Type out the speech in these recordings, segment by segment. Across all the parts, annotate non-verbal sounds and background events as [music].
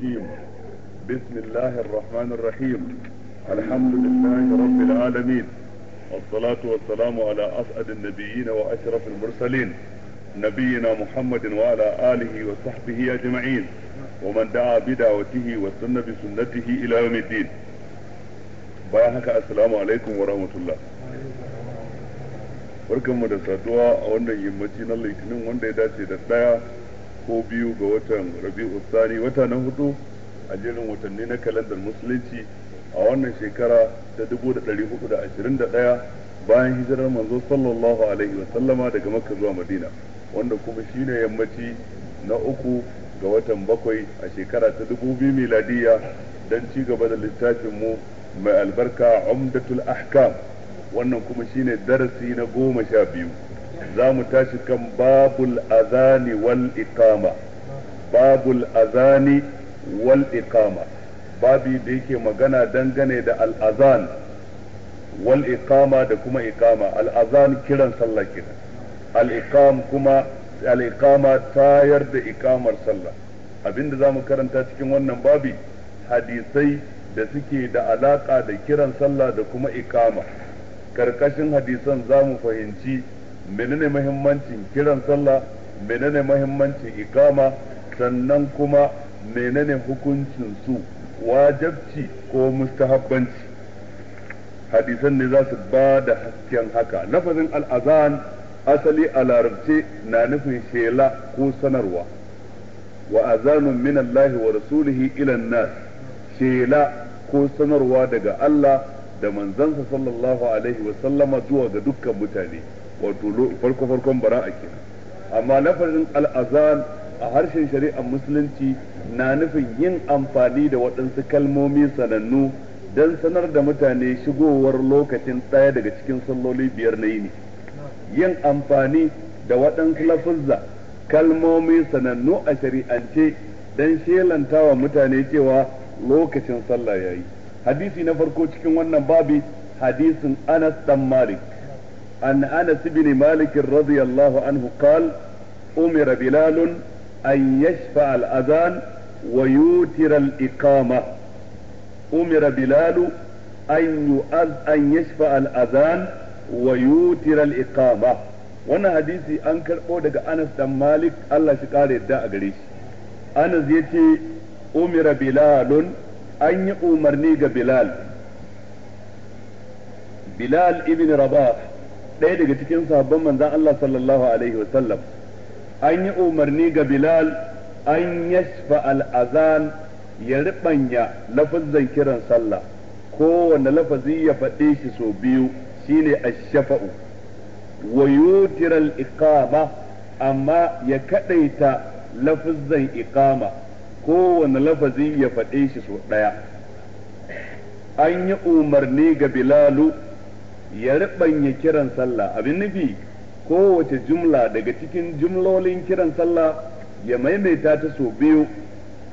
جيم بسم الله الرحمن الرحيم الحمد لله رب العالمين والصلاة والسلام على أسعد النبيين وأشرف المرسلين نبينا محمد وعلى آله وصحبه أجمعين ومن دعا بدعوته وسن بسنته إلى يوم الدين بارك السلام عليكم ورحمة الله barkanmu da saduwa a wannan yammaci na litinin wanda ya dace da ko biyu ga watan rabi'u tsari wata na hudu a jerin watanni na kalandar musulunci a wannan shekara ta 1421 bayan hijirar manzo sallallahu alaihi wa sallama daga makka zuwa madina wanda kuma shine yammaci na uku ga watan bakwai a shekara ta 2000 miladiya don ci gaba da littafinmu mai albarka umdatul ahkam wannan kuma shine darasi na goma sha biyu za mu tashi kan babul azani wal iqama babul azani wal iqama babi da yake magana dangane da al'azan wal iqama da kuma iqama al'azan kiran sallah al iqam kuma iqama tayar da iqamar sallah abinda zamu karanta cikin wannan babi hadisai da suke da alaka da kiran sallah da kuma iqama karkashin hadisan za mu fahimci menene mahimmancin kiran sallah menene muhimmancin ikama sannan kuma menene hukuncin su wajabci ko mustahabbanci hadisan ne za su ba da hasken haka lafazin al'azan asali a larabce na nufin shela ko sanarwa wa azanun min Allahi wa rasulihi ila nas shela ko sanarwa daga Allah da manzansa sallallahu alaihi wa sallama zuwa ga dukkan mutane wato farko farkon bara'a kenan amma lafazin al'azan a harshen shari'ar musulunci na nufin yin amfani da waɗansu kalmomi sanannu don sanar da mutane shigowar lokacin ɗaya daga cikin salloli biyar na yini yin amfani da waɗansu lafuzza kalmomi sanannu a shari'ance don shelanta wa mutane cewa lokacin sallah ya yi hadisi na farko cikin wannan babi hadisin anas dan malik عن أنس بن مالك رضي الله عنه قال أمر بلال أن يشفع الأذان ويوتر الإقامة أمر بلال أن أن يشفع الأذان ويوتر الإقامة wannan hadisi an karɓo daga Anas dan Malik Allah shi ƙara yadda a Anas ya ce umira bilalun an yi umarni ga Bilal Bilal ibin raba. ɗaya daga cikin sahabban manzon Allah sallallahu alaihi wa an yi umarni ga Bilal an yashfa al'azan ya riɓanya lafazin kiran sallah kowane lafazi ya faɗe shi sau biyu shine ash-shafa'u wa yutira iqama amma ya kadaita lafazin iqama kowane lafazi ya faɗe shi sau ɗaya an yi umarni ga Bilalu ya riɓanya kiran sallah abin nufi kowace jumla daga cikin jumlolin kiran sallah ya maimaita ta so biyu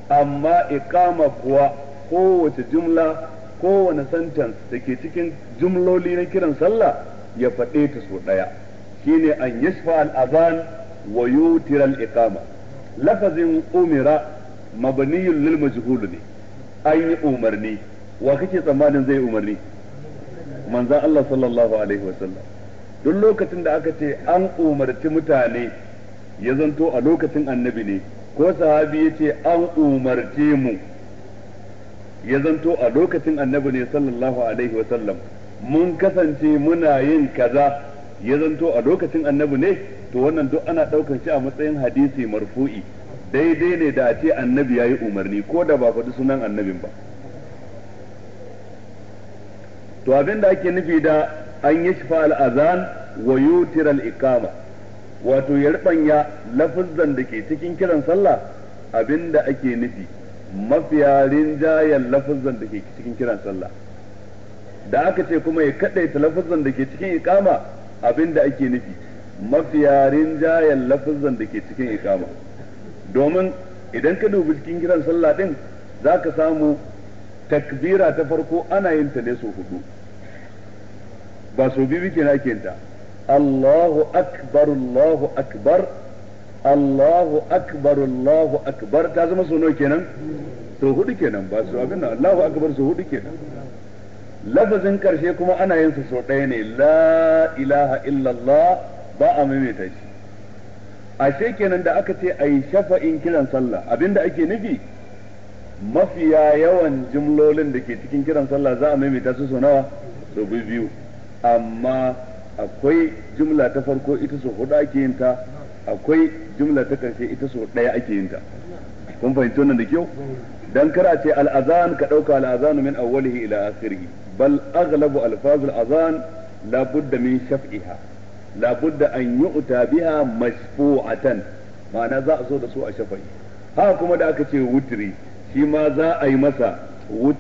amma ikama kuwa kowace jumla kowane sentence da ke cikin jumloli na kiran sallah ya faɗe ta sau ɗaya shine an yashfa al-azan wa yutira al-iqama lafazin umira mabniyun lil majhul ne an yi umarni wa kake tsammanin zai umarni manzan Allah sallallahu alaihi wasallam duk lokacin da aka ce an umarci mutane ya zanto a lokacin annabi ne ko sahabi ya ce an umarci mu ya zanto a lokacin annabi ne sallallahu alaihi wasallam mun kasance muna yin kaza ya zanto a lokacin annabi ne to wannan duk ana ɗaukar shi a matsayin hadisi marfu'i daidai ne da a ce annabi ya yi umarni ko da ba faɗi sunan annabin ba to abin da ake nufi da an yi shifa al'azan wa yutir al'ikama wato ya rubanya lafuzzan da ke cikin kiran sallah abin da ake nufi mafiya rinjayen lafizan da ke cikin kiran sallah da aka ce kuma ya kaɗaita lafizan da ke cikin ikama abin da ake nufi mafiya rinjayen lafizan da ke cikin ikama domin idan ka dubi cikin kiran sallah din za ka samu takbira ta farko ana yin ta ne su hudu ba su biyu ke na ta Allahu akbar Allahu akbar Allahu akbar Allahu akbar ta zama nawa kenan so hudu kenan ba su abin Allahu akbar so hudu kenan lafazin karshe kuma ana yin sa so ɗaya ne la ilaha illallah ba a maimaita shi ashe kenan da aka ce ayi shafa'in kiran sallah abinda ake nufi mafiya yawan jimlolin da ke cikin kiran sallah za a maimaita su sau nawa sau biyu amma akwai jumla ta farko ita sau hudu ake yin ta akwai jumla ta karshe ita sau ɗaya ake yin ta kun fahimci wannan da kyau dan kar a ce al'azan ka ɗauka al'azan min awwalihi ila akhirih bal aghlabu alfaz azan la budda min shaf'iha la budda an yu'ta biha mashfu'atan ma'ana za a so da su a shafa'i haka kuma da aka ce wutri shi ma za a yi masa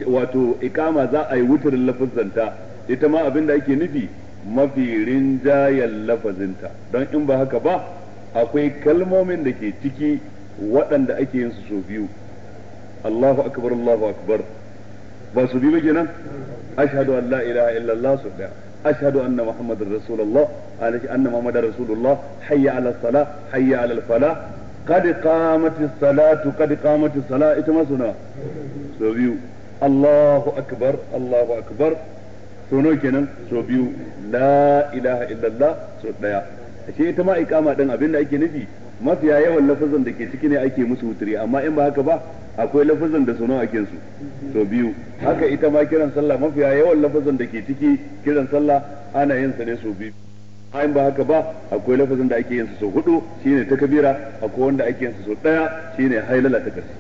wato ikama za a yi wutarin lafazzanta ita ma abin da ake nufi mafi rinjayen lafazinta don in ba haka ba akwai kalmomin da ke ciki waɗanda ake yin su so biyu Allahu akbar Allahu akbar ba su biyu ba kenan ashhadu an la ilaha illallah su daya ashhadu anna muhammadar rasulullah alashi anna muhammadar rasulullah hayya ala salah hayya ala falah قد قامت الصلاة قد قامت الصلاة اتمسنا سو بيو الله أكبر الله أكبر sono kenan so biyu la ilaha illallah so daya ashe ita ma ikama din abinda ake nufi mafiya yawan lafazan da ke ciki ne ake musu wuturi amma in ba haka ba akwai lafazan da sunan ake su so biyu haka ita ma kiran sallah mafiya yawan lafazan da ke ciki kiran sallah ana yin sa ne so in ba haka ba akwai lafazin da ake yin su sau hudu shine ta kabira akwai wanda ake yin su sau daya shine hailala ta karshe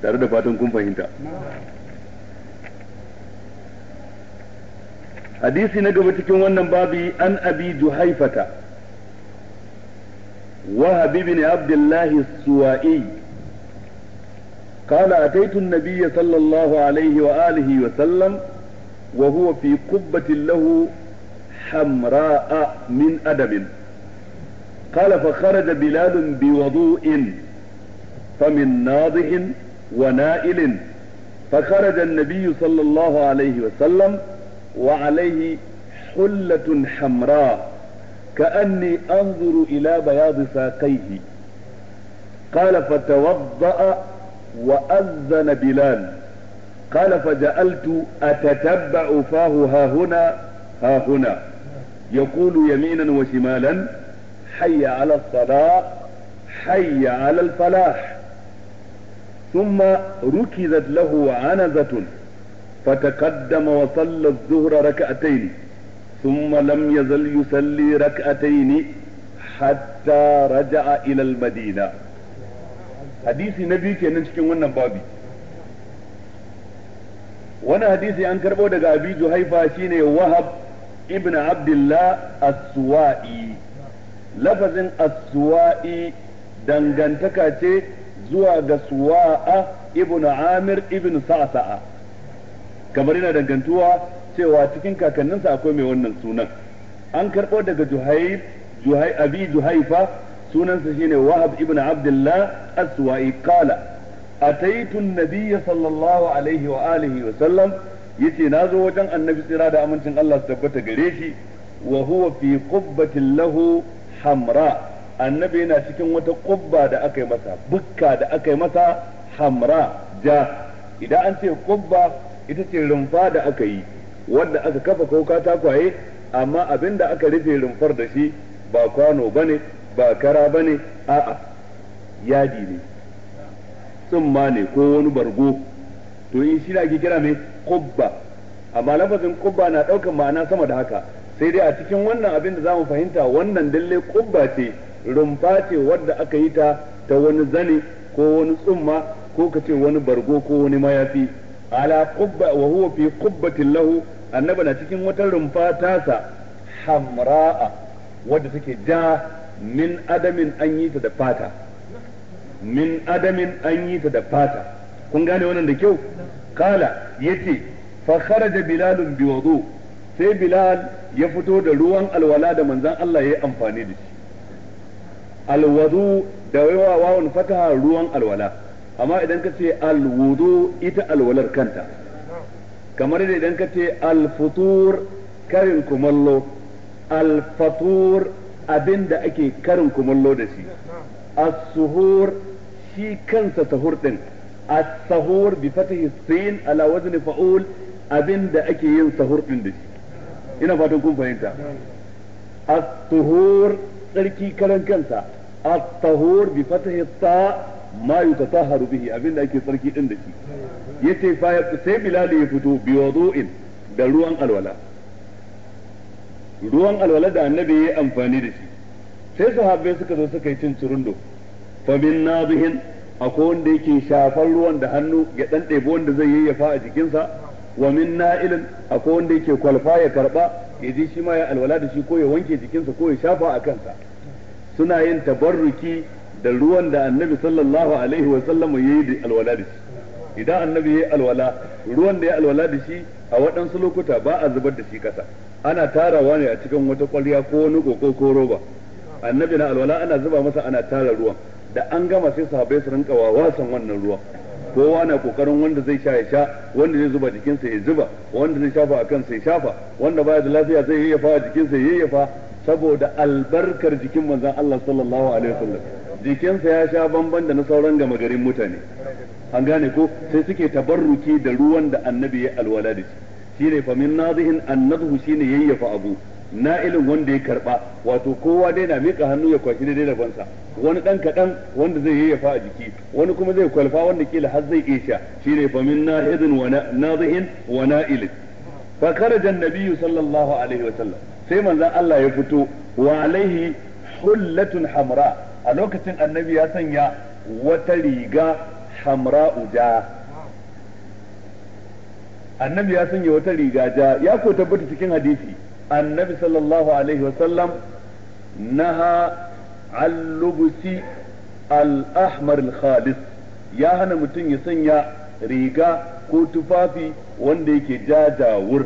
tare da fatan kun fahimta hadisi na gaba cikin wannan babi an abi juhaifata وهب بن عبد الله السوائي قال أتيت النبي صلى الله عليه وآله وسلم وهو في قبة له حمراء من أدب قال فخرج بلال بوضوء فمن ناضح ونائل فخرج النبي صلى الله عليه وسلم وعليه حلة حمراء كأني أنظر إلى بياض ساقيه قال فتوضأ وأذن بلال قال فجعلت أتتبع فاه ها هنا ها هنا يقول يمينا وشمالا حي على الصلاة حي على الفلاح ثم ركزت له عنزة فتقدم وصلى الظهر ركعتين ثم لم يزل يصلي ركعتين حتى رجع إلى المدينة حديث نبي كان cikin wannan wani hadisi an karbo daga abi juhaifa shine wahab ibn abdullah as-suwa'i lafazin as-suwa'i dangantaka ce zuwa ga suwa'a ibn amir ibn sa'sa'a kamar yana dangantuwa cewa cikin kakanninsa akwai mai wannan sunan an karbo daga juhaif juhai abi juhaifa sunansa shine wahab ibn abdullah as-suwa'i kala A an-nabiy sallallahu alaihi wa alihi wa sallam yace zo wajen annabi tsira da amincin Allah su tabbata gare shi wa huwa fi qubbatin lahu hamra annabi yana cikin wata kubba da aka yi masa bukka da aka yi masa hamra ja idan an ce kubba ita ce rumfa da aka yi wanda aka kafa ko katakwaye amma abin da aka rufe rumfar da shi ba kwano bane ba kara bane a'a yadi ne tsumma ne ko wani bargo to in shi da ake kira mai kubba amma lafazin kubba na ɗaukar ma'ana sama da haka sai dai a cikin wannan abin da za mu fahimta wannan dalle kubba ce rumfa ce wadda aka yi ta ta wani zane ko wani tsumma ko ka ce wani bargo ko wani mayafi ala kubba wa huwa fi kubba lahu annaba na cikin wata rumfa tasa hamra'a wadda take ja min adamin an yi ta da fata min adamin an yi ta da fata kun gane wannan da kyau kala yace fa kharaja bilal bi wudu sai bilal ya fito da ruwan alwala da manzon Allah ya yi amfani da shi alwudu da yawa wawan fataha ruwan alwala amma idan ka ce alwudu ita alwalar kanta kamar da idan ka ce alfutur karin kumallo alfatur abin da ake karin kumallo da shi as-suhur shi kansa tahur din a sahur bi fatihi sin ala wazn fa'ul abinda ake yin sahur din da shi ina fatan kun fahimta at tuhur tsarki karan kansa at-tahur bi fatihi ta ma yutataharu bihi abinda ake tsarki din da shi yace fa sai bilal ya fito bi wudu'in da ruwan alwala ruwan alwala da annabi ya amfani da shi sai sahabbai suka zo suka yi cin cirundo fa min nazihin akwai wanda yake shafar ruwan da hannu ya dan ɗebi wanda zai yi yayyafa a jikinsa wa min na'ilin akwai wanda yake kwalfa ya karba ya ji shi ma ya alwala da shi ko ya wanke jikinsa ko ya shafa a kansa suna yin tabarruki da ruwan da annabi sallallahu alaihi wa sallam ya yi alwala da shi idan annabi ya yi alwala ruwan da ya alwala da shi a waɗansu lokuta ba a zubar da shi ƙasa ana tarawa ne a cikin wata ƙwarya ko wani ƙoƙo ko roba annabi na alwala ana zuba masa ana tara ruwan da an gama sai sahabbai su rinka wasan wannan ruwa kowa na kokarin wanda zai sha ya sha wanda zai zuba jikinsa ya zuba wanda zai shafa a kan sai shafa wanda baya da lafiya zai yayyafa a jikinsa ya yayyafa saboda albarkar jikin manzon Allah sallallahu alaihi wasallam jikinsa ya sha bamban da na sauran gama garin mutane an gane ko sai suke tabarruki da ruwan da annabi ya alwala da shi shine famin nadihin annadhu shine yayyafa abu na na'ilin wanda ya karba wato kowa dai na mika hannu ya kwashi daidai rabansa wani dan kadan wanda zai yi yayyafa a jiki wani kuma zai kwalfa wanda kila har zai isha shine fa min na'idin wa nazihin wa na'ilin fa kharaja an-nabiyyu sallallahu alaihi wa sallam sai manzon Allah ya fito wa alaihi hullatun hamra a lokacin annabi ya sanya wata riga hamra uja annabi ya sanya wata riga ja ya ko tabbata cikin hadisi annabi sallallahu alaihi wasallam naha al al-ahmar al-khalis ya hana mutum ya sanya riga ko tufafi wanda yake jajawur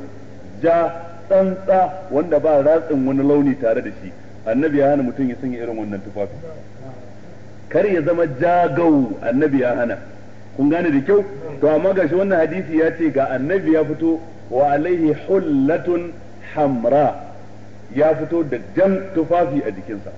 ja tsantsa wanda ba ratsin wani launi tare da shi annabi ya hana mutum ya sanya irin wannan tufafi kar ya zama jagau annabi ya hana kun gane da kyau to amma gashi wannan hadisi ya ce ga annabi ya fito wa alaihi hullatun hamra ya fito da jan tufafi a jikinsa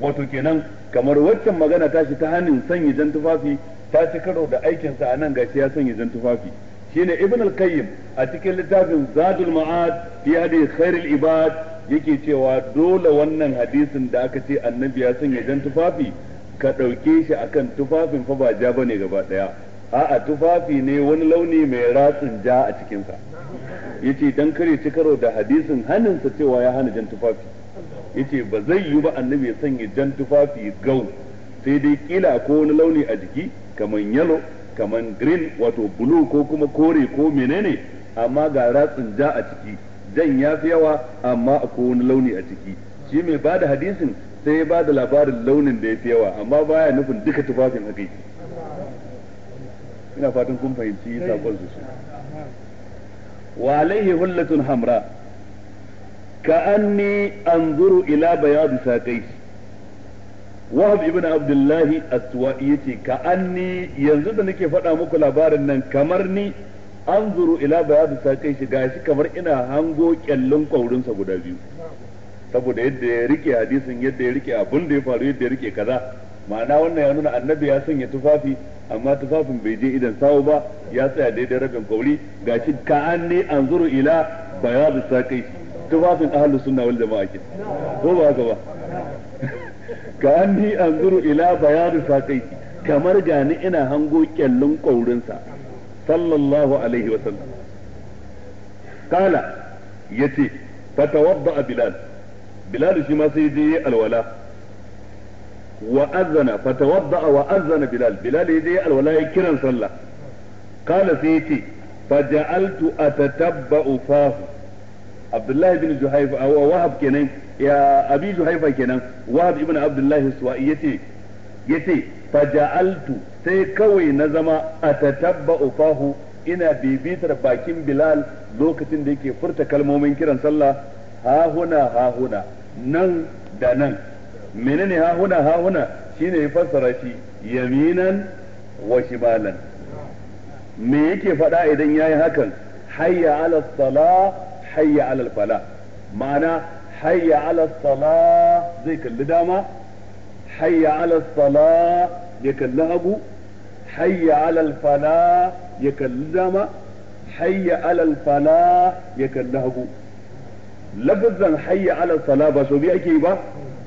wato kenan kamar waccan magana ta shi ta hannun sanya jan tufafi ta ci karo da aikinsa a nan gashi ya sanya jan tufafi shine ibn al-qayyim a cikin littafin zadul ma'ad fi hadi khairul ibad yake cewa dole wannan hadisin da aka ce annabi ya sanya jan tufafi ka ɗauke shi akan tufafin fa ba ja bane gaba ɗaya a'a tufafi ne wani launi mai ratsin ja a cikinsa yace dan kare ci karo da hadisin haninsa cewa ya hana jan tufafi yace ba zai yi ba annabi ya sanya jan tufafi gau sai dai kila ko wani launi a jiki kamar yalo kamar green wato bulu, ko kuma kore ko menene amma ga ratsin ja a ciki jan ya fi yawa amma ko wani launi a ciki shi mai bada hadisin sai ya bada labarin launin da ya fi yawa amma baya nufin duka tufafin haka ina fatan kun fahimci sakon su wa alaihi hullatun hamra ka an zuru ila bayadu saqai wahab ibn abdullah aswai yace ka anni yanzu da nake faɗa muku labarin nan kamar ni anzuru ila da saqai shi gashi kamar ina hango kyallin kwaurinsa guda biyu saboda yadda ya rike hadisin yadda ya rike abin da ya faru yadda ya rike kaza ma'ana wannan ya nuna annabi ya sanya tufafi amma tufafin bai je idan sawo ba ya tsaya daidai rabin kauri ga ka an ne an zuru ila baya da saƙai tufafin ahalus sunna wal jama'a ke ko ba haka ba [laughs] ka an ni an zuru ila da saƙai kamar gani ina hango kyallin kaurinsa sallallahu alaihi wa sallam kala yace fatawadda bilal bilal shi ma sai je alwala wa azana fatawadda wa azana bilal bilal ya je alwala kiran sallah kala sai yace faja'altu atatabba'u fahu abdullahi bin juhaifa a wahab kenan ya abi juhaifa kenan wahab ibn abdullahi suwa'i yace yace faja'altu sai kawai na zama atatabba'u fahu ina bibitar bakin bilal lokacin da yake furta kalmomin kiran sallah hahuna, hahuna, nan da nan menene ha huna ha huna shine ya fassara shi yaminan wa shimalan me yake faɗa idan yayi hakan hayya ala sala hayya ala fala ma'ana hayya ala sala zai kalli dama hayya ala sala ya kalli hagu hayya ala fala ya kalli dama hayya ala fala ya kalli hagu lafazan hayya ala sala ba so bi ake yi ba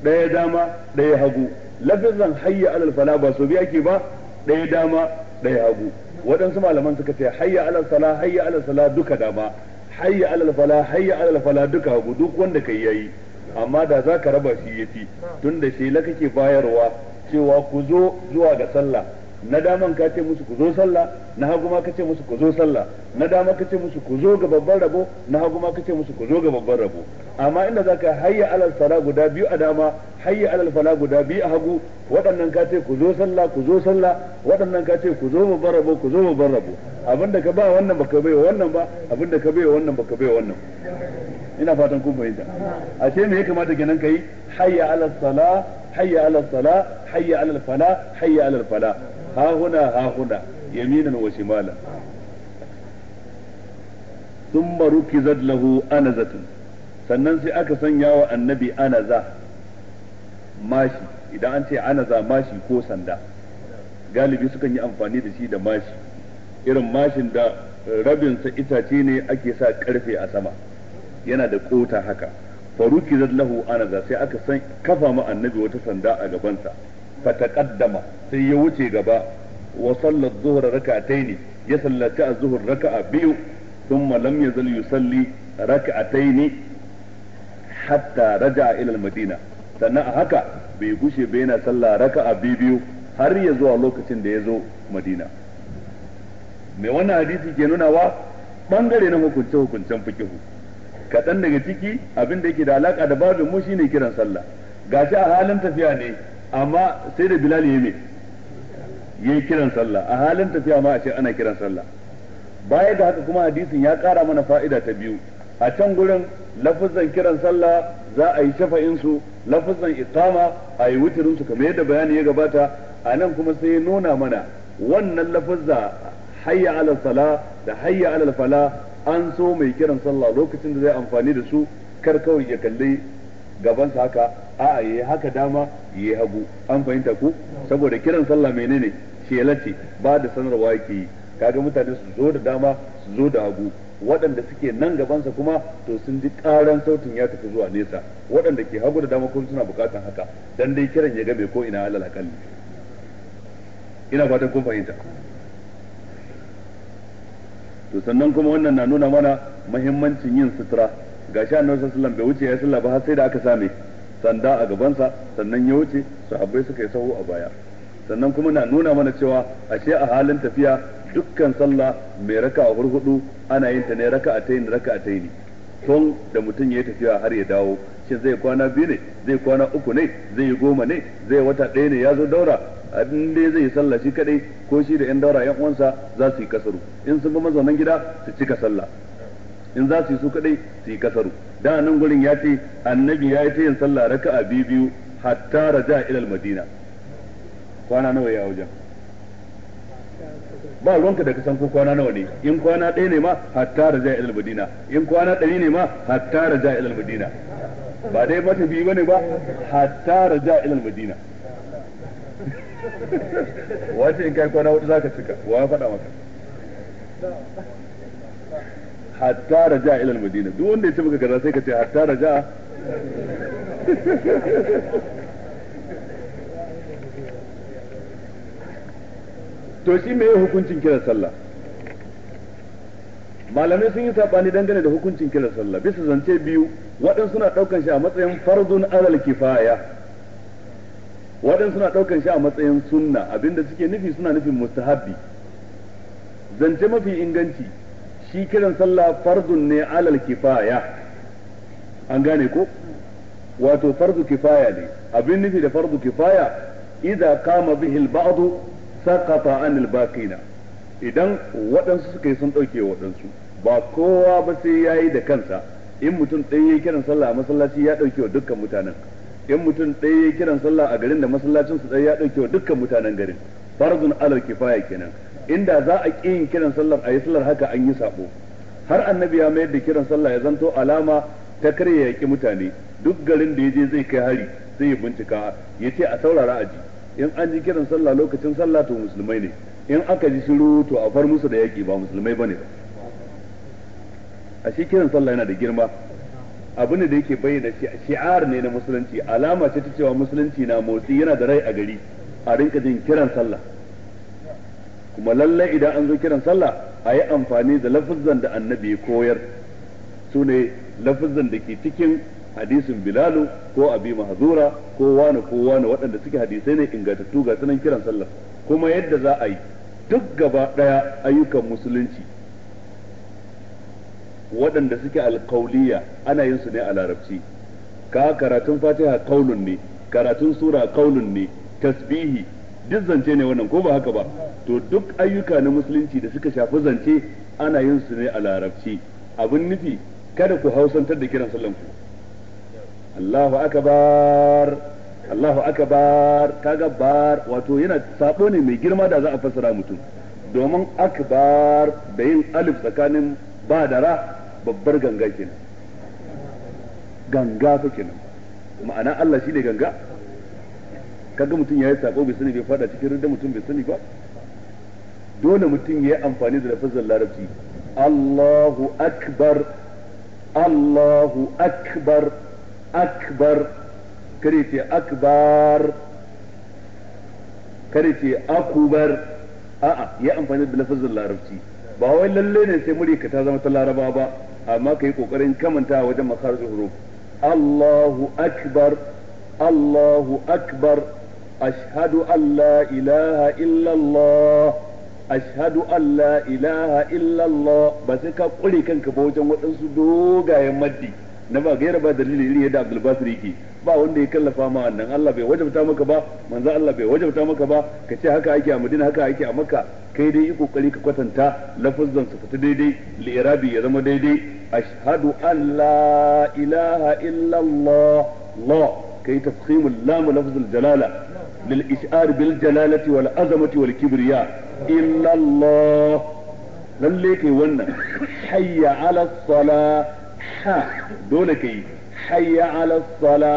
ɗaya dama ɗaya hagu lafizan hayya alal fala ba so biya ke ba ɗaya dama ɗaya hagu waɗansu malaman suka ce hayya alal fala hayya alal fala duka dama hayya alal fala hayya alal fala duka hagu duk wanda kai yayi amma da za ka raba shi yafi tunda shi la kake bayarwa cewa ku zo zuwa ga sallah na daman ka ce musu ku zo sallah na hagu ma ka ce musu ku zo sallah na dama ka ce musu ku zo ga babban rabo na hagu ma ka ce musu ku zo ga babban rabo amma inda zaka hayya alal sala guda biyu a dama hayya alal fala guda biyu a hagu waɗannan ka ce ku zo sallah ku zo sallah waɗannan ka ce ku zo babban rabo ku zo babban rabo abinda ka ba wannan baka bai wannan ba abinda ka bai wannan baka bai wannan ina fatan kun fahimta ashe me ya kamata kenan kai hayya alal sala hayya alal sala hayya alal fala hayya alal fala hahuna hahuna yaminan wa shimala thumma rukizat lahu anazatun sannan sai aka sanya wa annabi anaza mashi idan an ce anaza mashi ko sanda galibi sukan yi amfani da shi da mashi irin mashin da rabinsa itace ne ake sa karfe a sama yana da kota haka faruki zallahu anaza sai aka kafa ma annabi wata sanda a gabansa fataqaddama sai ya wuce gaba wa sallat zuhur rak'ataini ya sallaci az zuhur rak'a biyu thumma lam yazal yusalli rak'ataini hatta raja'a ila al-madina sannan a haka bai gushe bai yana sallah raka'a biyu har ya zuwa lokacin da ya zo madina mai wannan hadisi ke nuna wa bangare na hukunce hukuncen fikihu kaɗan daga ciki abin da yake da alaƙa da babu-babu mu shine kiran sallah gashi a halin tafiya ne amma sai da bilal ya me yayi kiran sallah a halin tafiya ma a ce ana kiran sallah baya da haka kuma hadisin ya kara mana fa'ida ta biyu a can gurin lafazan kiran sallah za a yi shafa'in su lafazan iqama a yi wutirin su kamar yadda bayani ya gabata a nan kuma sai ya nuna mana wannan lafazza hayya ala sala da hayya ala fala an so mai kiran sallah lokacin da zai amfani da su kar kawai ya kalli sa haka a'a yayi haka dama yi hagu an fahimta ko saboda kiran sallah menene ne ba da sanarwa yake yi kaga mutane su zo da dama su zo da hagu waɗanda suke nan gabansa kuma to sun ji ƙaran sautin ya tafi zuwa nesa waɗanda ke hagu da dama kuma suna buƙatan haka dan dai kiran ya game ko ina alal akalli ina fatan kun fahimta to sannan kuma wannan na nuna mana muhimmancin yin sutura gashi annabi sallallahu alaihi wasallam bai wuce ya sallah ba har sai da aka same sanda a gabansa sannan ya wuce sahabbai suka yi sahu a baya sannan kuma na nuna mana cewa ashe a halin tafiya dukkan sallah mai raka a hurhudu ana yin ta ne raka a tayin raka a tayin tun da mutum ya tafiya har ya dawo shi zai kwana biyu ne zai kwana uku ne zai yi goma ne zai wata ɗaya ne ya zo daura in dai zai yi sallah shi kadai ko shi da yan daura yan uwansa za su yi kasaru in sun ga mazaunan gida su cika sallah in za su yi su kadai su yi kasaru da nan gurin ya ce annabi ya yi ta yin sallah raka'a biyu biyu hatta raja ilal madina kwana nawa ya wajen ba ruwanka da kasan ko kwana nawa ne in kwana ɗaya ne ma hatta raja ilal madina in kwana ɗari ne ma hatta raja ilal madina ba dai mata biyu bane ba hatta raja ilal madina [laughs] wace in kai kwana wata zaka cika wa faɗa maka hatta raja ila madina duk wanda ya ce baka kaza sai ka ce hatta raja to shi me hukuncin kiran sallah malamai sun yi sabani dangane da hukuncin kiran sallah bisa zance biyu waɗansu suna ɗaukan shi a matsayin farzun alal kifaya waɗansu suna ɗaukan shi a matsayin sunna abinda suke nufi suna nufin mustahabbi zance mafi inganci shi kiran sallah fardun ne alal kifaya an gane ko wato fardu kifaya ne abin nufi da fardu kifaya idan kama bihi al-ba'd saqata an al-baqina idan waɗansu suka yi sun ɗauke waɗansu ba kowa ba sai ya yi da kansa in mutum ɗaya ya kiran sallah a masallaci ya ɗauke wa dukkan mutanen in mutum ɗaya ya kiran sallah a garin da masallacin su ɗaya ya ɗauke wa dukkan mutanen garin farzun alal kifaya kenan inda za a ƙi yin kiran sallar a yi sallar haka an yi sabo har annabi ya mayar da kiran sallah ya zanto alama ta karya yaƙi mutane duk garin da ya je zai kai hari sai ya bincika ya ce a saurara a ji in an ji kiran sallah lokacin sallah to musulmai ne in aka ji shiru to a far musu da yaƙi ba musulmai bane ba a shi kiran sallah yana da girma abu ne da yake bayyana shi shi'ar ne na musulunci alama ce ta cewa musulunci na motsi yana da rai a gari a rinka jin kiran sallah kuma lallai idan an zo kiran sallah a yi amfani da lafazan da annabi koyar su ne lafazan da ke cikin hadisin bilalu ko abi mahzura ko wani ko wani waɗanda suke hadisai ne ingantattu ga sunan kiran sallah kuma yadda za a yi duk gaba ɗaya ayyukan musulunci waɗanda suke alkauliya ana yin su ne a larabci ka karatun fatiha kaulun ne karatun sura kaulun ne tasbihi duk zance ne wannan ko ba haka ba to duk ayyuka na musulunci da suka shafi zance ana yin su ne a larabci abin nufi kada ku hausantar da kiran sallan ku Allahu akbar Allahu akbar kaga bar wato yana sabo ne mai girma da za a fassara mutum domin akbar da yin alif tsakanin ba da ra babbar ganga kenan ganga fa kenan ma'ana Allah shi ne ganga kaga mutum ya yi sako bai sani bai fada cikin rinda mutum bai sani ba dole mutum ya yi amfani da lafazin larabci Allahu akbar Allahu akbar akbar kare ce akbar kare ce akubar a'a ya amfani da lafazin larabci ba wai lalle ne sai murika ta zama ta laraba ba amma ka yi kokarin kamanta wajen makarar huruf Allahu akbar Allahu akbar أشهد أن لا إله إلا الله أشهد أن لا إله إلا الله بس كقولي كان كبوجا وتنسدوغا يا مدي نبا غير با دليل إلي يد عبد الباسر يكي ba wanda ya kallafa ma wannan Allah bai wajabta maka ba manzo Allah bai wajabta maka ba ka ce haka ake a Madina haka ake a Makka kai dai yi kokari ka kwatanta lafazzan su fita daidai lirabi ya zama daidai ashhadu an la ilaha illa Allah la kai lafzul jalala lil ish'ar bil jalalati wal azamati wal kibriya illa Allah lalle kai wannan hayya ala sala ha dole kai hayya ala sala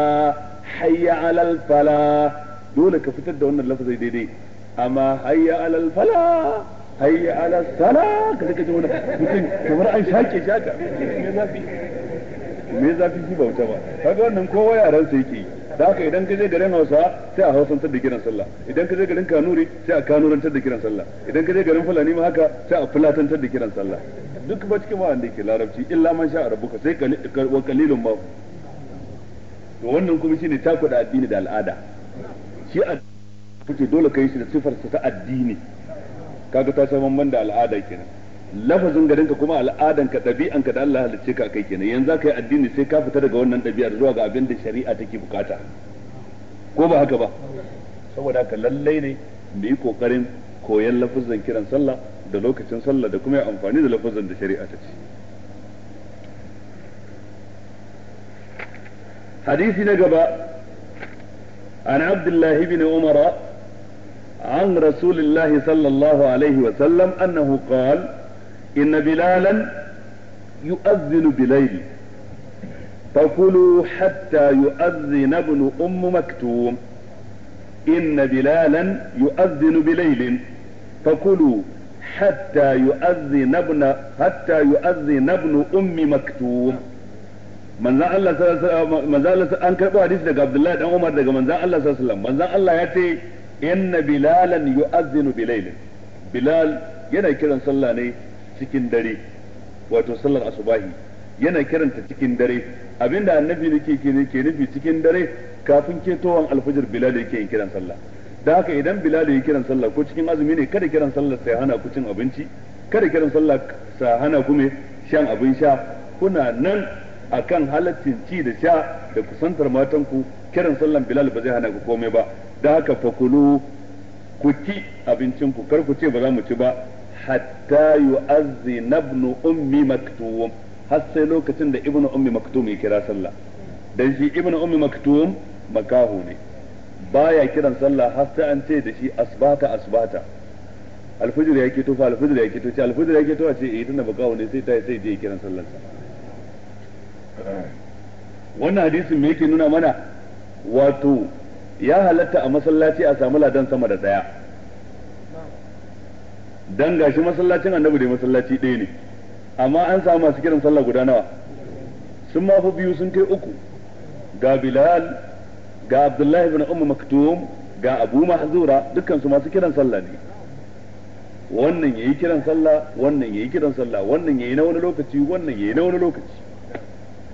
hayya ala dole ka fitar da wannan lafazai daidai amma hayya ala fala hayya ala sala ka saka ji wannan mutum kamar an shake shaka me zafi me zafi shi bauta ba kaga wannan kowa yaran sa yake yi da haka idan ka je garin Hausa sai a sai da kiran sallah idan ka je garin Kanuri sai a Kanurantar da kiran sallah idan ka je garin Fulani ma haka sai a Fulatantar da kiran sallah duk ba cikin wa'anda ke larabci illa man sha arabuka sai wa qalilun ma to wannan kuma shine kuɗa addini da al'ada shi a kuke dole kai shi da sifar ta addini kaga ta sha da al'ada kenan lafazin garin ka kuma al'adan ka ɗabi'an ka da Allah halicce ka kai kenan yanzu ka yi addini sai ka fita daga wannan ɗabi'ar zuwa ga abin da shari'a take bukata ko ba haka ba saboda haka lallai ne mu yi kokarin koyan lafazin kiran sallah da lokacin sallah da kuma amfani da lafazin da shari'a ta ce hadisi na gaba an abdullahi ibn umara an رسول الله صلى الله عليه وسلم أنه إن بلالا يؤذن بليل فكلوا حتى يؤذن ابن أم مكتوم إن بلالا يؤذن بليل فكلوا حتى يؤذن ابن حتى يؤذن ابن أم مكتوم manzan Allah manzan Allah an karɓi hadisi daga ya ce inna bilalan yu'azzinu bilailin bilal yana kiran sallah ne cikin dare wato sallar asubahi yana kiranta cikin dare abinda annabi nake ke nufi cikin dare kafin ketowan alfajir bilal yake yin kiran sallah da haka idan bilal ya kiran sallah ko cikin azumi ne kada kiran sallah sai hana ku cin abinci kada kiran sallah sa hana ku me shan abin sha kuna nan akan halaccin ci da sha da kusantar matan ku kiran sallan bilal ba zai hana ku komai ba da haka fakulu ku ci abincin ku kar ku ce ba za mu ci ba hatta yu'azzina ibn ummi maktum har sai lokacin da ibn ummi maktum ya kira sallah dan shi ibn ummi maktum makahu ne baya kiran sallah har sai an ce da shi asbata asbata alfajir ya keto fa alfajir ya keto ce alfajir ya keto a ce eh tunda makahu ne sai ta sai je kiran sallar sa wannan hadisin me yake nuna mana wato ya halatta a masallaci a samu ladan sama da daya dan gashi masallacin annabi da masallaci ɗaya ne amma an samu masu kiran sallah guda nawa sun ma fi biyu sun kai uku ga bilal ga abdullahi ibn ummu maktum ga abu mahzura dukkan su masu kiran sallah ne wannan yayi kiran sallah wannan yayi kiran sallah wannan yayi na wani lokaci wannan yayi na wani lokaci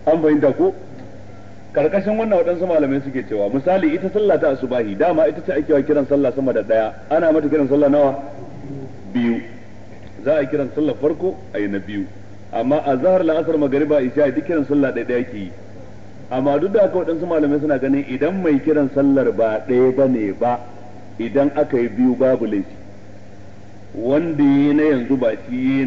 an fahimta ko karkashin wannan waɗansu malamai suke cewa misali ita sallah ta asubahi dama ita ce ake kiran sallah sama da daya ana mata kiran sallah nawa biyu za a kiran sallar farko a yi na biyu amma a zahar la'asar magariba isha duk kiran sallah ɗaya ɗaya ke yi amma duk da aka waɗansu malamai suna ganin idan mai kiran sallar ba ɗaya ba ne ba idan aka yi biyu babu laifi wanda ya na yanzu ba shi ya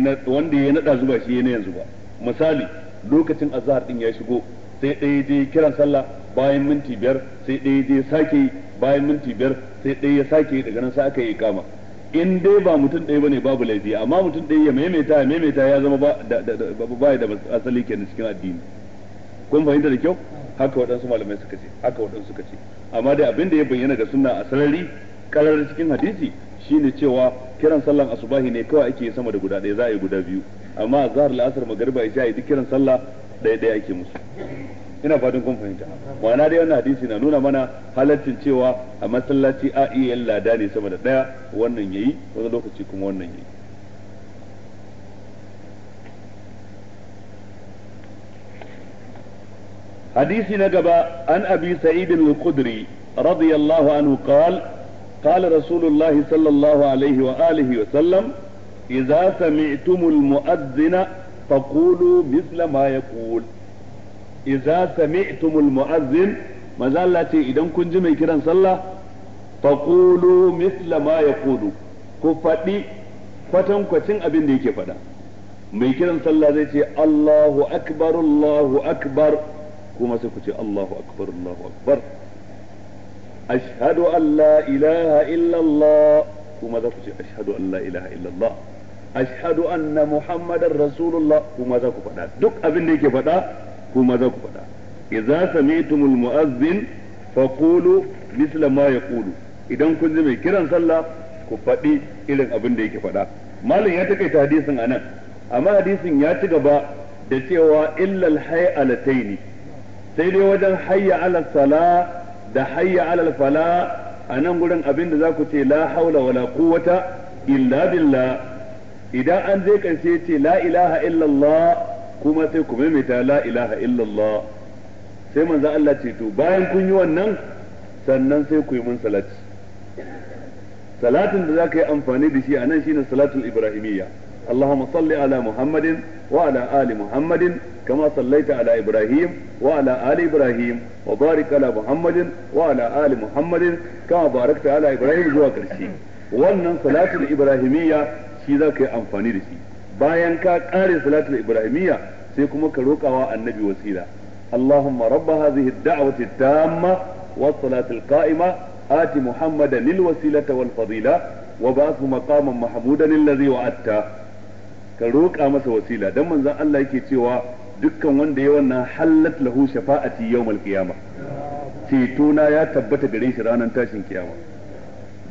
na ɗazu ba shi ya na yanzu ba misali lokacin azhar din ya shigo sai ɗaya je kiran sallah bayan minti biyar sai ɗaya je sake bayan minti biyar sai ɗaya ya sake daga nan sai aka yi kama. in dai ba mutum ɗaya bane babu laifi amma mutum ɗaya ya maimaita ya maimaita ya zama ba da asali kenan cikin addini kun fahimta da kyau haka waɗansu malamai suka ce haka waɗansu suka ce amma dai abin da ya bayyana ga sunna a sarari karar cikin hadisi shine cewa kiran sallan asubahi ne kawai ake yi sama da guda ɗaya za a yi guda biyu amma a zahar la'asar magariba ya sha yi duk kiran sallah ɗaya ɗaya ake musu ina fatan kun fahimta ma'ana dai wannan hadisi na nuna mana halaccin cewa a masallaci a iya lada ne sama da daya wannan yayi wani lokaci kuma wannan yayi hadisi na gaba an abi sa'id al-khudri radiyallahu anhu qal قال رسول الله صلى الله عليه وآله وسلم إذا سمعتم المؤذن فقولوا مثل ما يقول Iza sami'tumul mu'azzin manzo Allah ce idan kun ji mai kiran sallah faqulu mithla ma yaqulu ku faɗi kwatankwacin abin da yake faɗa mai kiran sallah zai ce Allahu akbar Allahu akbar kuma sai ku ce Allahu akbar Allahu akbar ashhadu an la ilaha illa Allah kuma za ku ce ashhadu an la ilaha illa Allah ashhadu anna muhammadar rasulullah kuma za ku faɗa duk abin da yake faɗa kuma za ku faɗa idza sami'tumul mu'azzin faqulu misla ma yaqulu idan kun ji mai kiran sallah ku faɗi irin abin da yake faɗa malam ya taƙaita hadisin anan amma hadisin ya ci gaba da cewa illal hay'alataini sai dai wajen hayya ala sala da hayya ala fala a nan gurin abin da za ku ce la haula wala quwwata illa billah idan an je karshe ce la ilaha illallah kuma sai ku maimaita la ilaha illallah sai manzo Allah ce to bayan kun yi wannan sannan sai ku yi mun salati salatin da zaka yi amfani da shi anan shine salatul ibrahimiyya اللهم صل على محمد وعلى آل محمد كما صليت على إبراهيم وعلى آل إبراهيم وبارك على محمد وعلى آل محمد كما باركت على إبراهيم جوا كرشي wannan salatul ibrahimiyya shi za ka yi amfani da shi bayan ka kare salatul ibrahimiyya sai kuma ka wa annabi wasila اللهم رب هذه الدعوة التامة والصلاة القائمة آت محمدا الوسيلة والفضيلة وبعثه مقاما محمودا الذي وعدته ka roƙa masa wasila dan manzon Allah yake cewa dukkan wanda ya wannan hallat lahu shafa'ati yawmal qiyama ceto na ya tabbata gare shi ranar tashin kiyama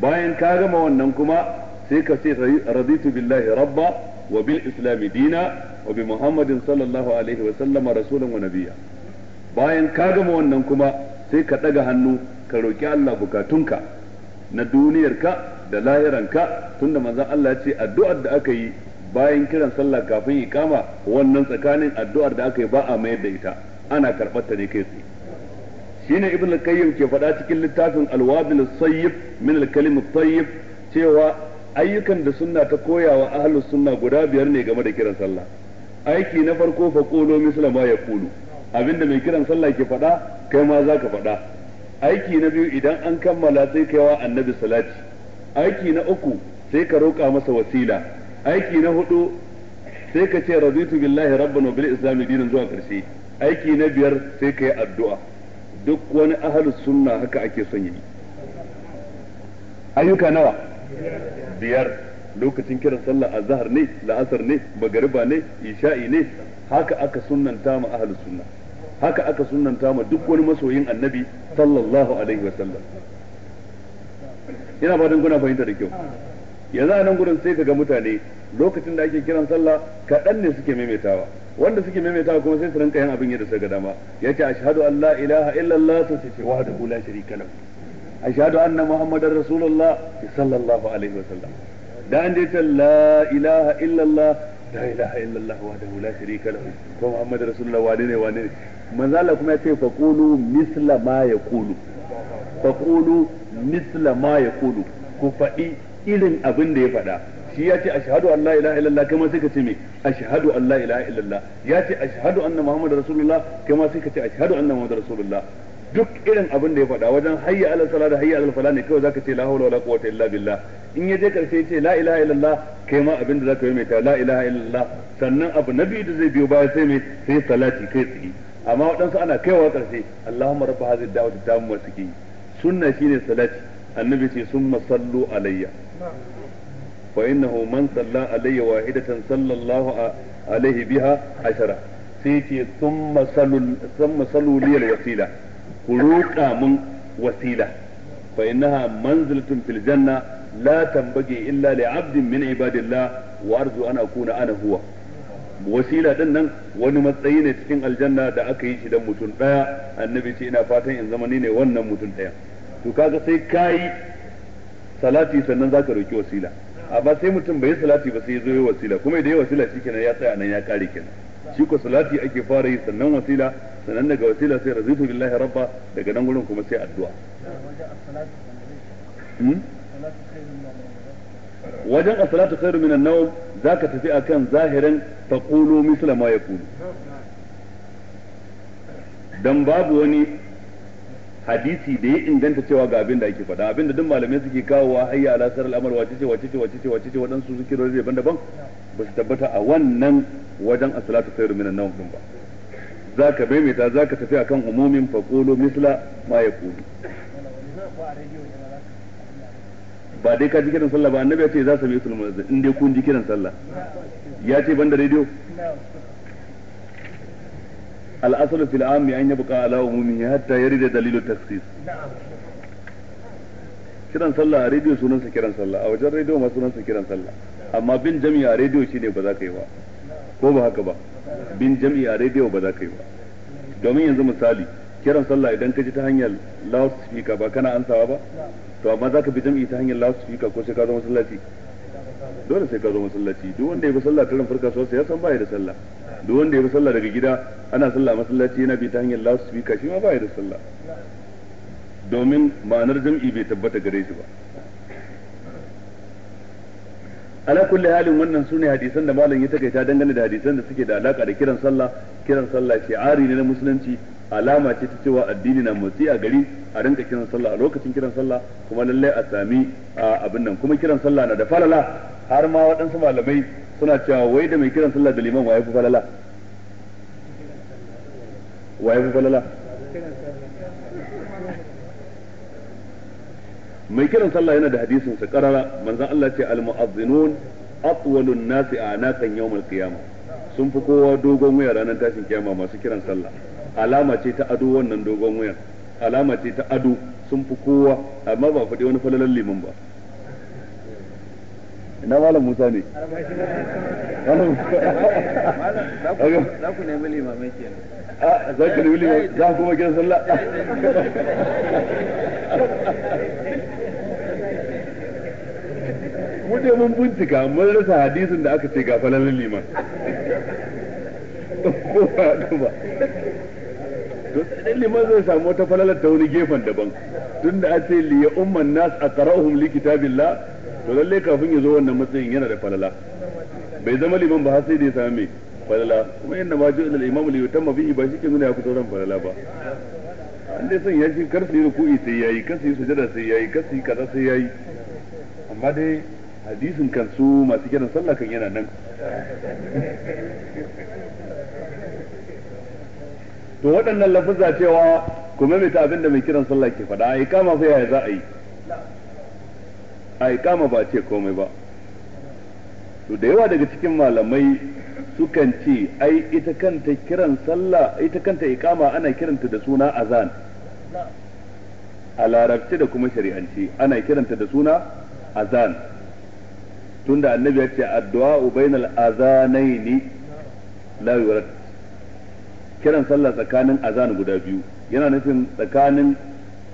bayan ka gama wannan kuma sai ka ce raditu billahi rabba wa bil islami dina wa bi muhammadin sallallahu alaihi wa sallama rasulan wa bayan ka gama wannan kuma sai ka ɗaga hannu ka roki Allah bukatunka na duniyarka da lahiranka tunda manzon Allah ya ce addu'ar da aka yi bayan kiran sallah kafin ikama wannan tsakanin addu'ar da aka yi ba a mayar da ita ana karɓar ta ne kai tsaye shine ibn qayyim ke faɗa cikin littafin al-wabil sayyib min al-kalim at-tayyib cewa ayyukan da sunna ta koyawa ahlus sunna guda biyar ne game da kiran sallah aiki na farko fa qulu misla ma yaqulu abinda mai kiran sallah ke faɗa kai ma zaka faɗa aiki na biyu idan an kammala sai kai wa annabi salati aiki na uku sai ka roƙa masa wasila aiki na hudu sai ka ce raditu billahi rabban wa bil islami dinin zuwa karshe aiki na biyar sai ka yi addu'a duk wani ahlus sunna haka ake son yi ayyuka nawa biyar lokacin kiran sallah azhar ne la'asar ne magariba ne isha'i ne haka aka sunnanta ma ahlus sunna haka aka sunnanta ma duk wani masoyin annabi sallallahu alaihi wa sallam ina fatan kuna fahimta da kyau yanzu a nan gurin sai kaga mutane lokacin da ake kiran sallah kaɗan ne suke maimaitawa wanda suke maimaitawa kuma sai su rinka yin abin yadda suka dama yace ashhadu an la ilaha illallah to sai wahdahu la sharika lahu ashhadu anna muhammadar rasulullah sallallahu alaihi wasallam da an ta la ilaha illallah la ilaha illallah wahdahu la sharika lahu ko muhammadar rasulullah wane ne wane ne manzo Allah kuma ya ce faqulu misla ma yaqulu faqulu misla ma yaqulu ku faɗi irin abin da ya faɗa shi ya ce ashhadu an la ilaha illallah kai ma sai ka ce me ashhadu an la ilaha illallah ya ce ashhadu anna muhammadar rasulullah kai ma sai ka ce ashhadu anna muhammadar rasulullah duk irin abin da ya faɗa wajen hayya ala sala da hayya ala fala ne kawai zaka ce la hawla wala quwwata illa billah in ya je karshe ya la ilaha illallah kai ma abin da zaka yi mai ta la ilaha illallah sannan abu nabi da zai biyo baya sai mai sai salati kai tsaye amma waɗansu ana kaiwa karshe allahumma rabb hadhihi da'wati tamma suke sunna shine salati annabi ce summa sallu alayya fa innahu man salla alayya wahidatan sallallahu alayhi biha ashara sai ce summa sallu summa sallu liyal wasila ku roƙa mun wasila fa innaha manzilatun fil janna la tambage illa li abdin min ibadillah wa arju an akuna ana huwa wasila din nan wani matsayi ne cikin aljanna da aka yi shi dan mutum daya annabi ce ina fatan in zama ne wannan mutum daya to kaga sai kai salati sannan zaka roki wasila amma sai mutum bai yi salati ba sai ya zo ya wasila kuma idan ya wasila shikenan ya tsaya nan ya kare kenan shi ko salati ake fara yi sannan wasila sannan daga wasila sai razitu billahi rabba daga nan gurin kuma sai addu'a hmm? wajen as-salatu khairu minan nawm zaka tafi akan zahirin taqulu misla ma yaqulu dan babu wani hadisi da ya inganta cewa ga abin da ake faɗa abin da duk malamai suke kawowa hayya ala sarar al'amar wace ce wace ce wace ce wace ce waɗansu suke da daban daban ba su tabbata a wannan wajen asalatu sayar minan nawa din ba za ka maimaita za ka tafi akan umumin faƙolo misla ma ya ƙulu ba dai ka ji kiran sallah ba annabi ya ce za su mai sulmul in dai kun ji kiran sallah ya ce ban da rediyo al'asalu fil ammi an yabqa ala umumi hatta yarida dalilu taksis kiran sallah a rediyo sunan sa kiran sallah a wajen rediyo ma sunan sa kiran sallah amma bin jami'i rediyo shine ba za ka yi ba ko ba haka ba bin jami'i a rediyo ba za ka yi ba domin yanzu misali kiran sallah idan ka ji ta hanyar loudspeaker ba kana ansawa ba to amma za ka bi jami'i ta hanyar loudspeaker ko sai ka zo masallaci dole sai ka zo masallaci duk wanda ya bi sallah kiran farka sosai ya san baya da sallah duk wanda ya fi sallah daga gida ana sallah masallaci yana bi ta hanyar loudspeaker shi ma ba ya da sallah domin ma'anar jam'i bai tabbata gare shi ba ala kulli halin wannan sune hadisan da malam ya takaita dangane da hadisan da suke da alaka da kiran sallah kiran sallah shi'ari ne na musulunci alama ce ta cewa addini na motsi a gari a rinka kiran sallah a lokacin kiran sallah kuma lallai a sami abin nan kuma kiran sallah na da falala har ma waɗansu malamai suna cewa wai da mai kiran sallah da liman wa fi falala wa fi falala mai kiran sallah yana da hadisin sa karara manzon Allah ce al mu'azzinun atwalun nasi anaqan yawmal qiyamah sun fi kowa dogon wuya ranar tashin kiyama masu kiran sallah alama ce ta ado wannan dogon wuya alama ce ta ado sun fi kowa amma ba faɗi wani falalan liman ba ina malam musa ne za ku nemi limamai kenan a ah, za ku nemi limamai za ku kuma kiran sallah mu je mun bincika mun rasa hadisin da aka ce ga falalin liman ko ba ba to liman zai samu wata falalar ta wani gefen daban tunda a ce liya umman nas aqra'uhum li kitabillah to lalle kafin ya zo wannan matsayin yana da falala bai zama liman ba har sai da ya same falala kuma yadda ma ji al imamu li yutamma bihi ba shike nuna ya ku sauran falala ba an dai son ya shi kar su yi ruku'i sai yayi kar su yi sujada sai yayi kar su yi kaza sai yayi amma dai hadisin kan su masu kiran sallah kan yana nan to waɗannan lafuzza cewa kuma mai ta abinda mai kiran sallah ke faɗa ai kama fa yaya za a yi a ikama ba ce komai ba to da yawa daga cikin malamai sukan ce ai ita kanta kiran sallah ita kanta ikama ana kiranta da suna azan a larabci da kuma shari'anci ana kiranta da suna azan tunda annabi ya ce addu'a bainal azanaini la yurad kiran sallah tsakanin azan guda biyu yana nufin tsakanin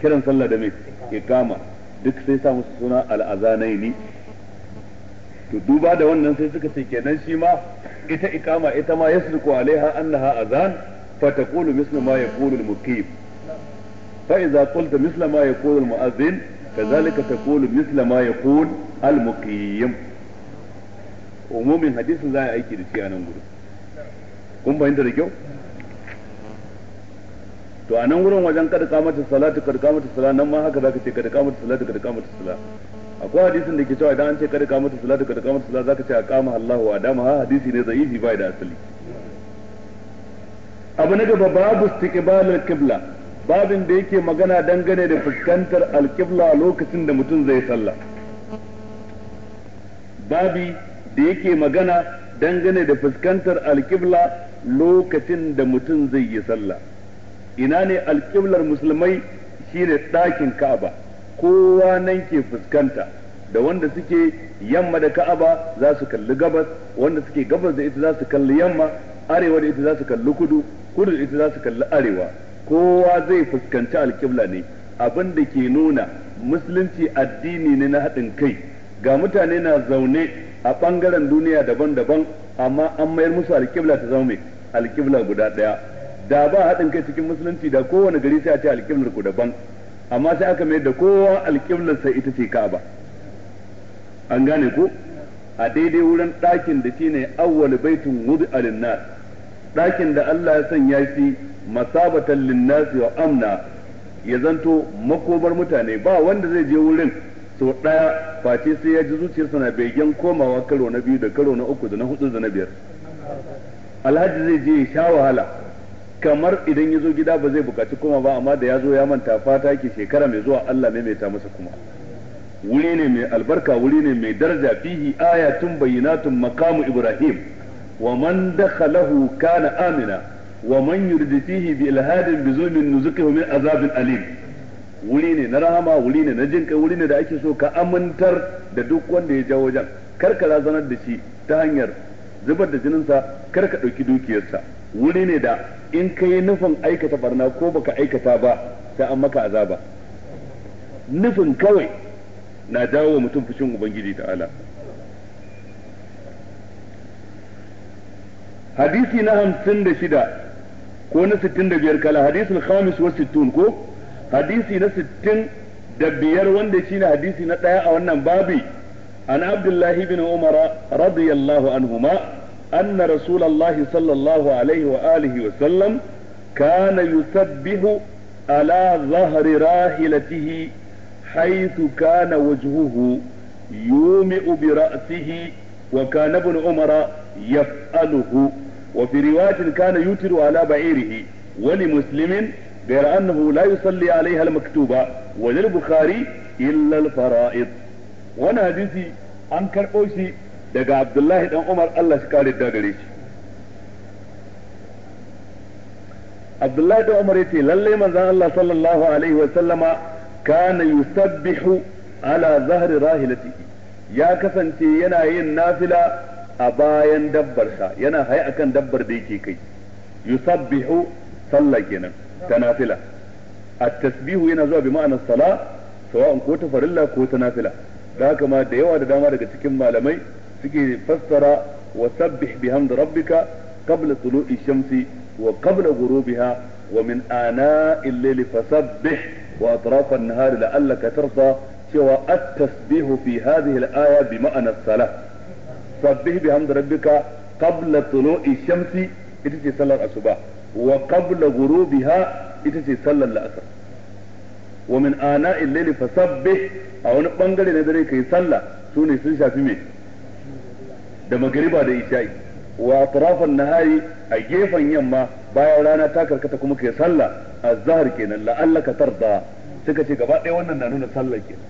kiran sallah da mai ikama duk sai sa musu suna al'azanai al'azanaini to duba da wannan sai suka ce kenan shi ma ita ikama ita ma ya yasriku alaiha annaha azan fa taqulu mislu ma yaqulu al-muqim fa idza qulta misla ma yaqulu al-mu'adhdhin kadhalika taqulu misla ma yaqulu al-muqim umumin hadisin za a aiki da shi a nan gudu kun fahimta da kyau to a nan wurin wajen kada kama ta salatu kada kama ta sala nan ma haka zaka ce kada kama ta salatu kada kama ta sala akwai hadisin da ke cewa idan an ce kada kama ta salatu kada kama ta sala zaka ce a kama Allah wa adama hadisi ne zaifi bai da asali abu na gaba babu istiqbal al-qibla babin da yake magana dangane da fuskantar al-qibla lokacin da mutum zai sallah babi da yake magana dangane da fuskantar al-qibla lokacin da mutum zai yi sallah ina ne alƙiblar musulmai shine ɗakin ka'aba kowa nan ke fuskanta da wanda suke yamma da ka'aba za su kalli gabas wanda suke gabas da ita za su kalli yamma arewa da ita za su kalli kudu kudu da ita za su kalli arewa kowa zai fuskanci alƙibla ne abin da ke nuna musulunci addini ne na haɗin kai ga mutane na zaune a ɓangaren duniya daban-daban amma an mayar musu alƙibla ta zama mai alƙibla guda ɗaya da ba haɗin kai cikin musulunci da kowane gari sai a ce alƙiblar ku daban amma sai aka mai da kowa alƙiblar sai ita ce Ka'aba an gane ku a daidai wurin ɗakin da shine awwal baitun wud'a linnas ɗakin da Allah ya sanya shi masabatan linnas wa amna ya zanto makobar mutane ba wanda zai je wurin sau ɗaya face sai ya ji zuciyarsa na begen komawa karo na biyu da karo na uku da na hudu da na biyar alhaji zai je ya sha wahala kamar idan ya zo gida ba zai bukaci kuma ba amma da ya zo ya manta fata ke shekara mai zuwa Allah maimaita masa kuma wuri ne mai albarka wuri ne mai daraja fihi ayatun bayyinatun maqamu ibrahim wa man dakhalahu kana amina wa man yurdi fihi bi ilhadin bi zulmin min azabin alim wuri ne na rahama wuri ne na jinka wuri ne da ake so ka amintar da duk wanda ya jawo jan karkara zanar da shi ta hanyar zubar da jininsa kar ka ɗauki dukiyarsa wuri ne da in ka yi nufin aikata barna ko baka aikata ba sai an maka azaba nufin kawai na jawo mutum fushin ubangiji ta'ala hadisi na hamsin da shida ko na sittin da biyar kala hadisul khamis wa sittun ko hadisi na sittin da biyar wanda shine hadisi na ɗaya a wannan babi عن عبد الله بن عمر رضي الله عنهما أن رسول الله صلى الله عليه وآله وسلم كان يسبه على ظهر راحلته حيث كان وجهه يومئ برأسه وكان ابن عمر يفعله وفي رواية كان يوتر على بعيره ولمسلم غير أنه لا يصلي عليها المكتوبة وللبخاري إلا الفرائض wani hadisi an karɓo shi daga abdullahi dan umar allah shi kare da gare shi abdullahi dan umar yace lalle manzon allah sallallahu alaihi wa sallama kana yusabbihu ala zahri rahilatihi ya kasance yana yin nafila a bayan dabbarsa yana a akan dabbar da yake kai yusabbihu sallah kenan ta nafila at-tasbihu yana zuwa bi ma'anar sala sawa'un ko ta farilla ko ta nafila da haka ma da yawa da dama daga cikin malamai suke fassara wa sabbih bihamdi rabbika qabla tulu'i shamsi wa qabla ghurubiha wa min ana'il layli fasabbih wa atraf an-nahari la'allaka tarda cewa at-tasbihu fi hadhihi al-aya bi ma'ana as-salah sabbih bihamdi rabbika qabla tulu'i shamsi ita ce sallar asuba wa qabla ghurubiha ita ce sallar la'asar wa min ana'il layli fasabbih a wani bangare na dare kai sallah su ne sun shafi me da magariba da isha'i wa atrafan nahari a gefen yamma bayan rana ta karkata kuma kai sallah azhar kenan la'allaka tarda suka ce gaba ɗaya wannan na nuna sallah kenan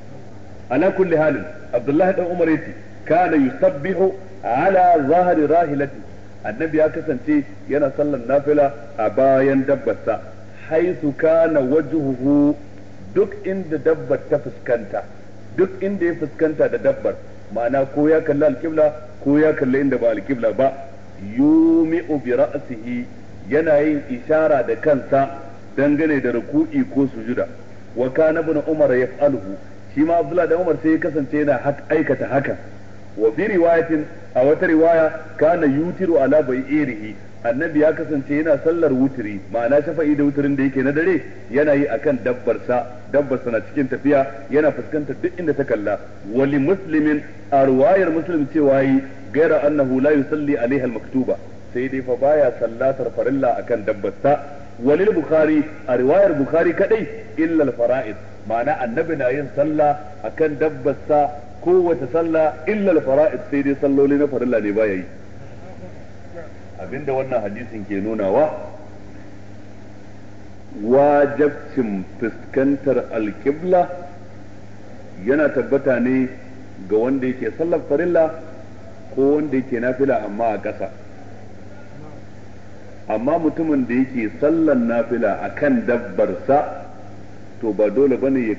ala kulli halin abdullahi dan umar yace kana yusabbihu ala Zahari rahilati annabi ya kasance yana sallan nafila a bayan dabbarsa haisu kana wajhuhu duk inda dabbar ta fuskanta duk inda ya fuskanta da dabbar ma'ana ko ya kalli alƙibla ko ya kalli inda ba alƙibla ba yumi bi ra'sihi yana yin ishara da kansa dangane da ruku'i ko sujuda wa kana ibn umar yaf'aluhu shi ma abdullahi da umar sai ya kasance yana aikata hakan wa bi riwayatin a wata riwaya kana yutiru ala bai'irihi annabi ya kasance yana sallar wutiri ma'ana shafa'i da wutirin da yake na dare yana yi akan dabbarsa dabbarsa na cikin tafiya yana fuskantar duk inda ta kalla wali muslimin a ruwayar muslim cewa yi gaira annahu la yusalli alaiha maktuba sai dai fa baya sallatar farilla akan dabbarsa walil bukhari a riwayar bukhari kadai illa fara'is ma'ana annabi na yin sallah akan dabbarsa kowace sallah illa fara'is sai dai salloli na farilla ne baya yi abinda wannan hadisin ke nunawa wajabcin fuskantar alƙibla yana tabbata ne ga wanda yake sallar farilla ko wanda yake nafila amma a ƙasa amma mutumin da yake sallar nafila a kan dabbarsa to ba dole bane ya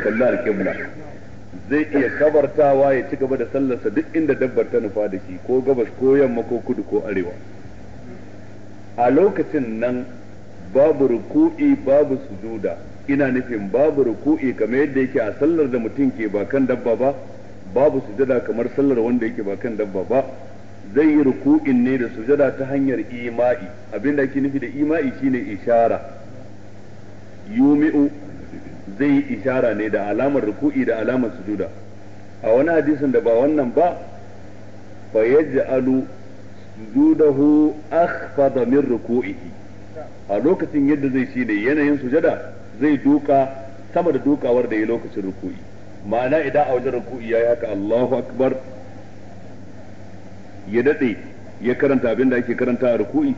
kalli alƙibla zai iya kabartawa ya ci gaba da sallarsa duk inda dabbar ta nufa da shi ko gabas ko yamma ko kudu ko arewa a lokacin nan babu ruku'i babu sujuda ina nufin babu ruku'i kamar yadda yake a sallar da mutum ke ba kan dabba ba babu sujada kamar sallar wanda yake ba kan dabba ba zai yi ruku'in ne da sujada ta hanyar ima'i abinda ake nufi da ima'i shine ishara yumi'u zai yi ishara ne da alamar ruku'i da alamar sujuda a wani hadisin da ba wannan ba fa yaj'alu sujudahu akhfada min ruku'ihi a lokacin yadda zai shi ne yanayin sujada zai duka sama da dukawar da ya lokacin ruku'i ma'ana idan a wajen ruku'i ya haka Allahu akbar ya dade ya karanta abin da ake karanta a ruku'i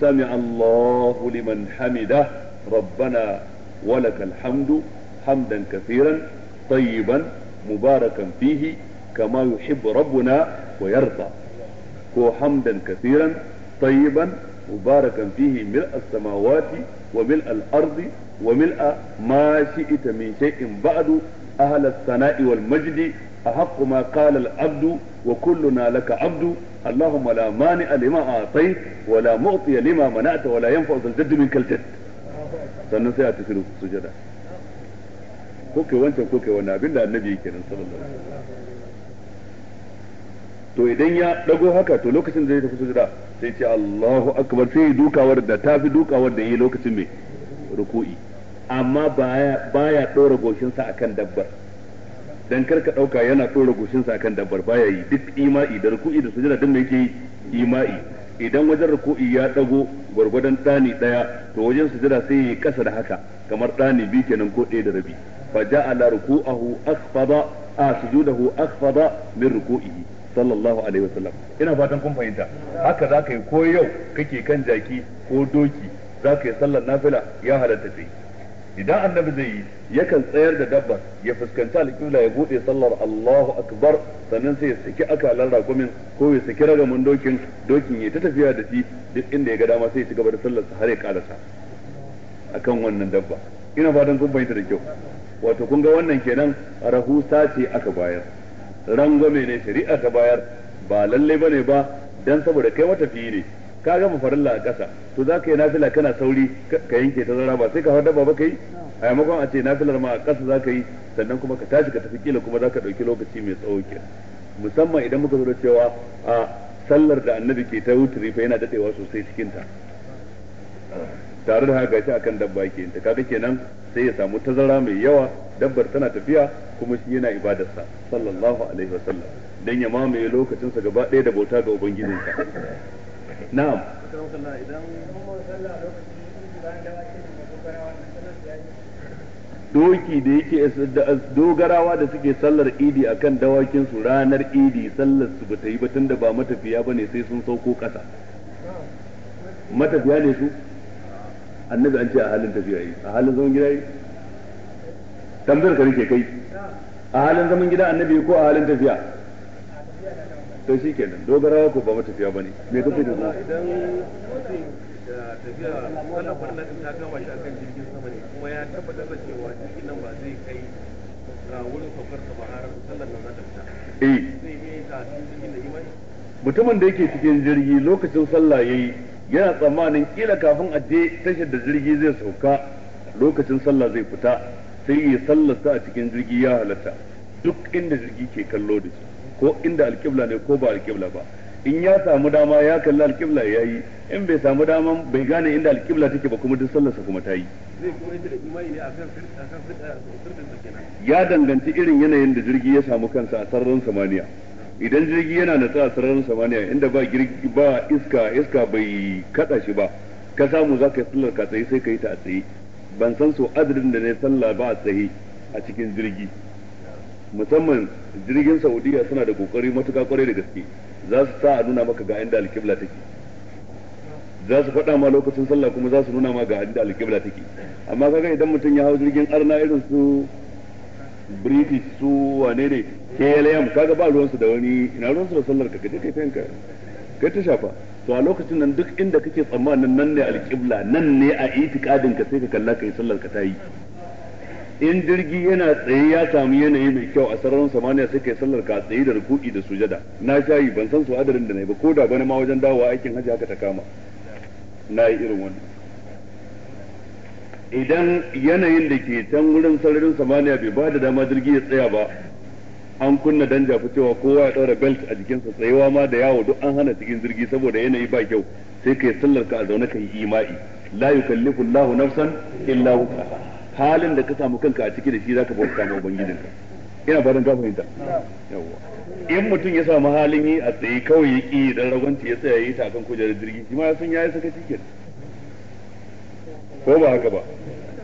sami Allahu liman hamida rabbana ولك الحمد حمدا كثيرا طيبا مباركا فيه كما يحب ربنا ويرضى هو حمدا كثيرا طيبا مباركا فيه ملء السماوات وملء الأرض وملء ما شئت من شيء بعد أهل الثناء والمجد أحق ما قال العبد وكلنا لك عبد اللهم لا مانع لما أعطيت ولا معطي لما منعت ولا ينفع ذا الجد منك الجد sannan sai a tafi su jada ko kai wancan ko kai abin da annabi yake nan sallallahu alaihi to idan ya dago haka to lokacin da zai tafi sujada sai ce Allahu akbar sai dukawar da tafi dukawar da yi lokacin mai ruku'i amma baya baya dora sa akan dabbar dan karka dauka yana dora sa akan dabbar baya yi duk ima'i da ruku'i da sujada din da yake yi ima'i idan wajen ruku'i ya dago gwargwadon ɗani ɗaya to wajen sujada sai yayi ƙasa da haka kamar ɗani biyu kenan ko ɗaya da rabi fa ja'ala ruku'ahu akhfada a sujudahu akhfada min ruku'ihi sallallahu alaihi wasallam ina fatan kun fahimta haka zaka yi ko yau kake kan jaki ko doki zaka yi sallar nafila ya halatta sai idan annabi zai yi yakan tsayar da dabbar ya fuskanci alƙibla ya buɗe sallar Allahu akbar sannan sai ya saki akalan ragumin ko ya saki ragamin dokin dokin ya ta tafiya da shi duk inda ya ga dama sai ya ci gaba da sallar sa har ya karasa akan wannan dabba ina fatan kun fahimta da kyau wato kun ga wannan kenan rahusa ce aka bayar rangwame ne shari'a ta bayar ba lallai bane ba dan saboda kai matafiyi ne ka gama farilla a ƙasa to za ka yi nafila kana sauri ka yanke ta zara ba sai ka hada ba yi. a yamakon a ce nafilar ma a ƙasa za ka yi sannan kuma ka tashi ka tafi kila kuma za ka ɗauki lokaci mai tsawo ke musamman idan muka zo da cewa a sallar da annabi ke ta wuturi fa yana daɗewa sosai cikin ta tare da haka shi akan dabba ke ta kaga kenan sai ya samu tazara mai yawa dabbar tana tafiya kuma shi yana sa sallallahu alaihi wasallam dan ya mamaye lokacinsa gaba ɗaya da bauta ga ubangijinsa na'am doki da yake dogarawa da suke sallar idi akan dawakin su ranar idi sallar su bata yi ba tunda ba matafiya ba ne sai sun sauko kasa matafiya ne su annabi an ce a halin tafiya yi a halin zaman gida yi tambayar ka rike kai a halin zaman gida annabi ko a halin tafiya to shi ke nan dogara ku ba matafiya ba ne me kake da zuwa idan mutum da tafiya wannan wannan ta gama shi akan jirgin sama ne kuma ya tabbatar da cewa jirgin nan ba zai kai ga wurin saukar sa ba har sallar nan za ta fita eh zai yi ta jirgin da imani mutumin da yake cikin jirgi lokacin sallah yayi yana tsammanin kila kafin a je tashar da jirgi zai sauka lokacin sallah zai fita sai ya sallarsa a cikin jirgi ya halatta duk inda jirgi ke kallo da shi ko inda alƙibla ne ko ba alƙibla ba in ya samu dama ya kalli alƙibla ya yi in bai samu dama bai gane inda alƙibla take ba kuma duk sallarsa kuma ta yi ya danganci irin yanayin da jirgi ya samu kansa a sararin samaniya idan jirgi yana natsa a sararin samaniya inda ba girgi ba iska iska bai kada shi ba ka samu za ka yi sallar ka tsaye sai ka yi ta a tsaye ban san so adadin da na sallar ba a tsaye a cikin jirgi musamman jirgin saudiya suna da kokari matuka kwarai da gaske za su sa a nuna maka ga inda alkibla take za su faɗa ma lokacin sallah kuma za su nuna ma ga inda alkibla take amma kaga idan mutum ya hau jirgin arna irin su british su wane ne klm kaga ba ruwansu da wani ina ruwansu da sallar ka kaje kai kanka kai ta shafa to a lokacin nan duk inda kake tsammanin nan ne alkibla nan ne a itikadin ka sai ka kalla kai sallar ka ta yi in jirgi yana tsaye ya samu yanayi mai kyau a sararin samaniya sai kai sallar ka tsaye da rukuki da sujada na shayi ban san su adadin da na yi ba ko da bane ma wajen dawowa aikin hajji haka ta kama na yi irin wannan idan yanayin da ke can wurin sararin samaniya bai ba da dama jirgi ya tsaya ba an kunna danja fitowa kowa ya ɗaura belt a jikinsa tsayewa ma da yawo duk an hana cikin jirgi saboda yanayi ba kyau sai kai sallar ka a zaune ka yi ima'i la yukallifu Allahu nafsan illa wusaha halin da ka samu kanka a ciki da shi zaka bauta ma ubangijinka ina fatan ka fahimta yawa in mutum ya samu halin yi a tsaye kawai ya ki dan ragwanci ya tsaya yi ta kan kujerar jirgi shi ma ya san yayi saka kenan ko ba haka ba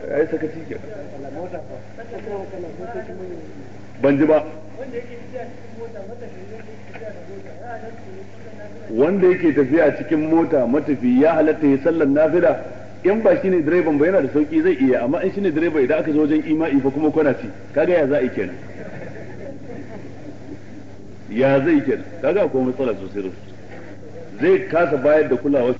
yayi saka kenan ban ji ba wanda yake tafiya cikin mota matafi ya halatta ya sallar nafila in ba shine direban ba yana da sauki zai iya amma in shine direba idan aka zo wajen ima'i fa kuma kwana ci kaga ya za a kenan ya zai kenan kaga akwai matsala sosai da zai kasa bayar da kulawa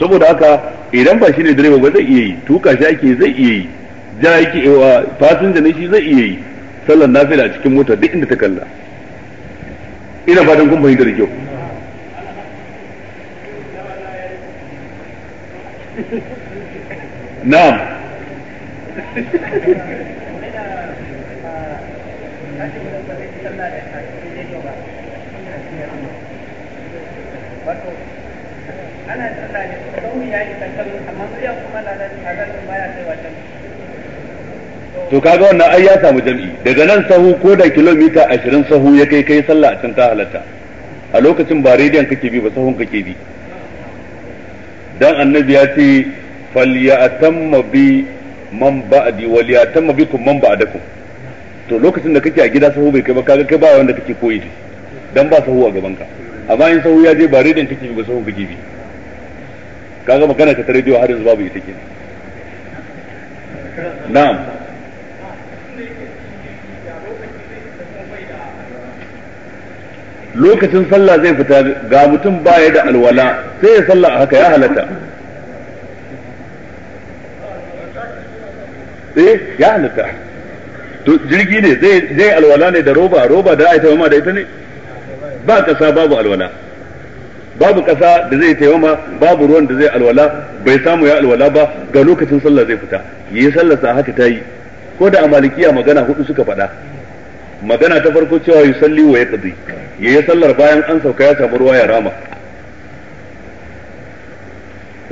saboda haka idan ba shi ne direba ba zai iya yi tuka shi ake zai iya yi ja yake eh, wa fasinja ne shi zai iya yi sallar nafila a cikin mota duk inda ta kalla ina fatan kun fahimta da kyau na'am to kaga wannan ai ya samu jam'i daga nan sahu ko da kilomita 20 sahu ya kai kai sallah a can ta halatta a lokacin ba rediyon kake bi ba sahun kake bi dan annabi ya ce falyatamma bi man ba'di walyatamma bikum man ba'dakum to lokacin da kake a gida sahu bai kai ba kaga kai ba wanda kake koyi dan ba sahu a gaban ka amma in sahu ya je ba rediyon kake bi ba sahun kake bi kaga magana ka ta rediyo har yanzu babu ita kenan na'am lokacin sallah zai fita ga mutum baya da alwala sai ya sallah haka ya halatta eh ya halatta to jirgi ne zai zai alwala ne da roba roba da ai taimama da ita ne ba kasa babu alwala babu kasa da zai taimama babu ruwan da zai alwala bai samu ya alwala ba ga lokacin sallah zai fita yi sallarsa haka ta yi ko da a magana hudu suka faɗa magana ta farko cewa salli wa ya yi sallar bayan an sauka ya samu ruwa ya rama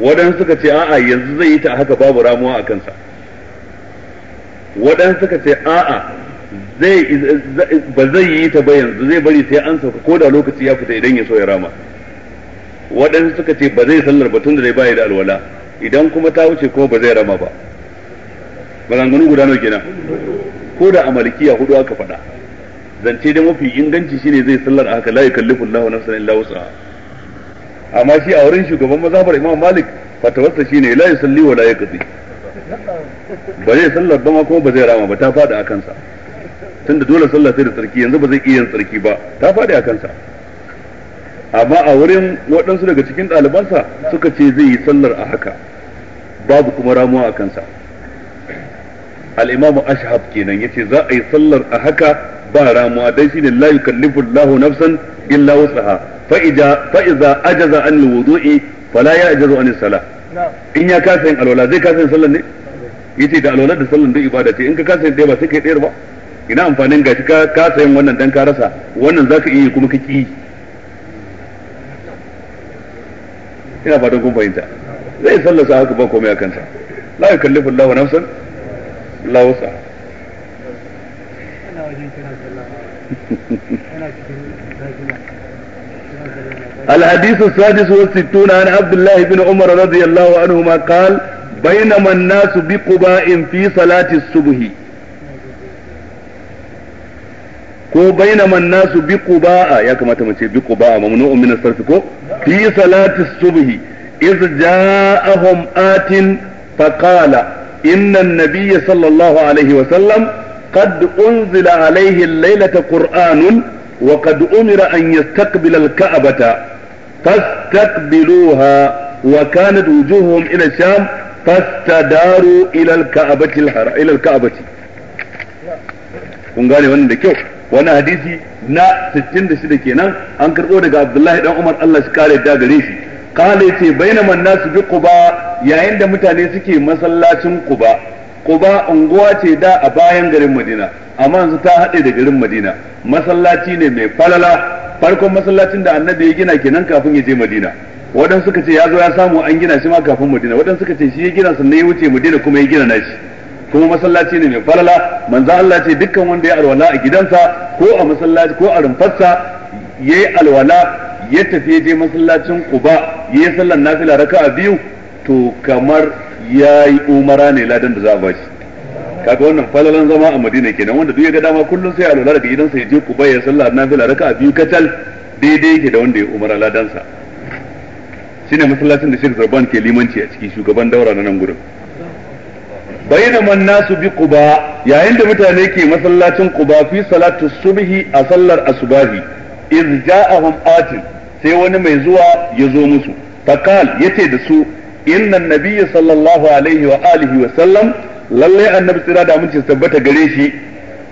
waɗansu suka ce a'a yanzu zai yi ta haka babu ramuwa a kansa waɗansu suka ce a'a zai ba zai yi ta ba yanzu zai bari sai an sauka ko da lokaci ya fita idan ya so ya rama waɗansu suka ce ba zai sallar batun da zai bayi da alwala idan kuma ta wuce ko ba zai rama ba maganganu guda nawa kenan ko da a malikiya hudu aka faɗa zance dai mafi inganci shine zai sallar a haka la yukallifu Allahu nafsan illa wus'aha amma shi a wurin shugaban mazhabar Imam Malik fatawarsa shine la yusalli wa la yaqdi ba zai sallar ba kuma ba zai rama ba ta fada a kansa tunda dole sallah sai da tsarki yanzu ba zai iya yin tsarki ba ta fada a kansa amma a wurin waɗansu daga cikin ɗalibansa suka ce zai yi sallar a haka babu kuma ramuwa a kansa al-imamu ashhab kenan yace za a yi sallar a haka ba ramuwa dai shine la yukallifu Allahu nafsan illa wusaha fa idza fa idza ajaza an alwudu'i fala ya'jazu an as-salah in ya kasa yin alwala zai kasa yin sallan ne yace da alwala da sallan duk ibada ce in ka kasa yin ɗaya ba sai kai ɗayar ba ina amfanin gashi ka kasa yin wannan dan ka rasa wannan zaka iya kuma ka ki ina fatan kun fahimta zai sallasa haka ba komai a kansa la yukallifu Allahu nafsan la wusaha [laughs] الحديث السادس والستون عن عبد الله بن عمر رضي الله عنهما قال بينما الناس بقباء في صلاة الصبح كو بينما الناس بقباء يا كما تمشي بقباء ممنوع من الصرف كو في صلاة الصبح إذ جاءهم آت فقال إن النبي صلى الله عليه وسلم قد أنزل عليه الليلة قرآن وقد أمر أن يستقبل الكعبة فاستقبلوها وكانت وجوههم إلى الشام فاستداروا إلى الكعبة الحرام إلى الكعبة kun gane wannan da kyau wani hadisi na 66 kenan an karɓo daga Abdullahi dan Umar Allah shi kare da gare shi kale ce manna su bi quba yayin da mutane suke masallacin ba. Quba unguwa ce da a bayan garin Madina amma yanzu ta haɗe da garin Madina masallaci ne mai falala farkon masallacin da annabi ya gina kenan kafin ya je Madina waɗansu suka ce ya zo ya samu an gina shi ma kafin Madina waɗansu suka ce shi ya gina sannan ya wuce Madina kuma ya gina nashi kuma masallaci ne mai falala manzo Allah ce dukkan wanda ya alwala a gidansa ko a masallaci ko a rumfarsa yayi alwala ya tafi je masallacin Quba yayi sallar nafila raka'a biyu to kamar ya yi umara ne ladan da za a bashi kaga wannan falalan zama a madina kenan wanda duk ya ga dama kullum sai a lura daga gidansa ya je ku ya sallah na fila raka a biyu kacal daidai yake da wanda ya umara ladansa shine masallacin da Sheikh Zarban ke limanci a ciki shugaban daura na nan gurin man nasu bi quba yayin da mutane ke masallacin quba fi salatu subhi a sallar asubahi iz ja'ahum atin sai wani mai zuwa ya zo musu fakal yace da su innan nabiyyu sallallahu alaihi wa alihi wa sallam lalle annabi tsira da mun tabbata gare shi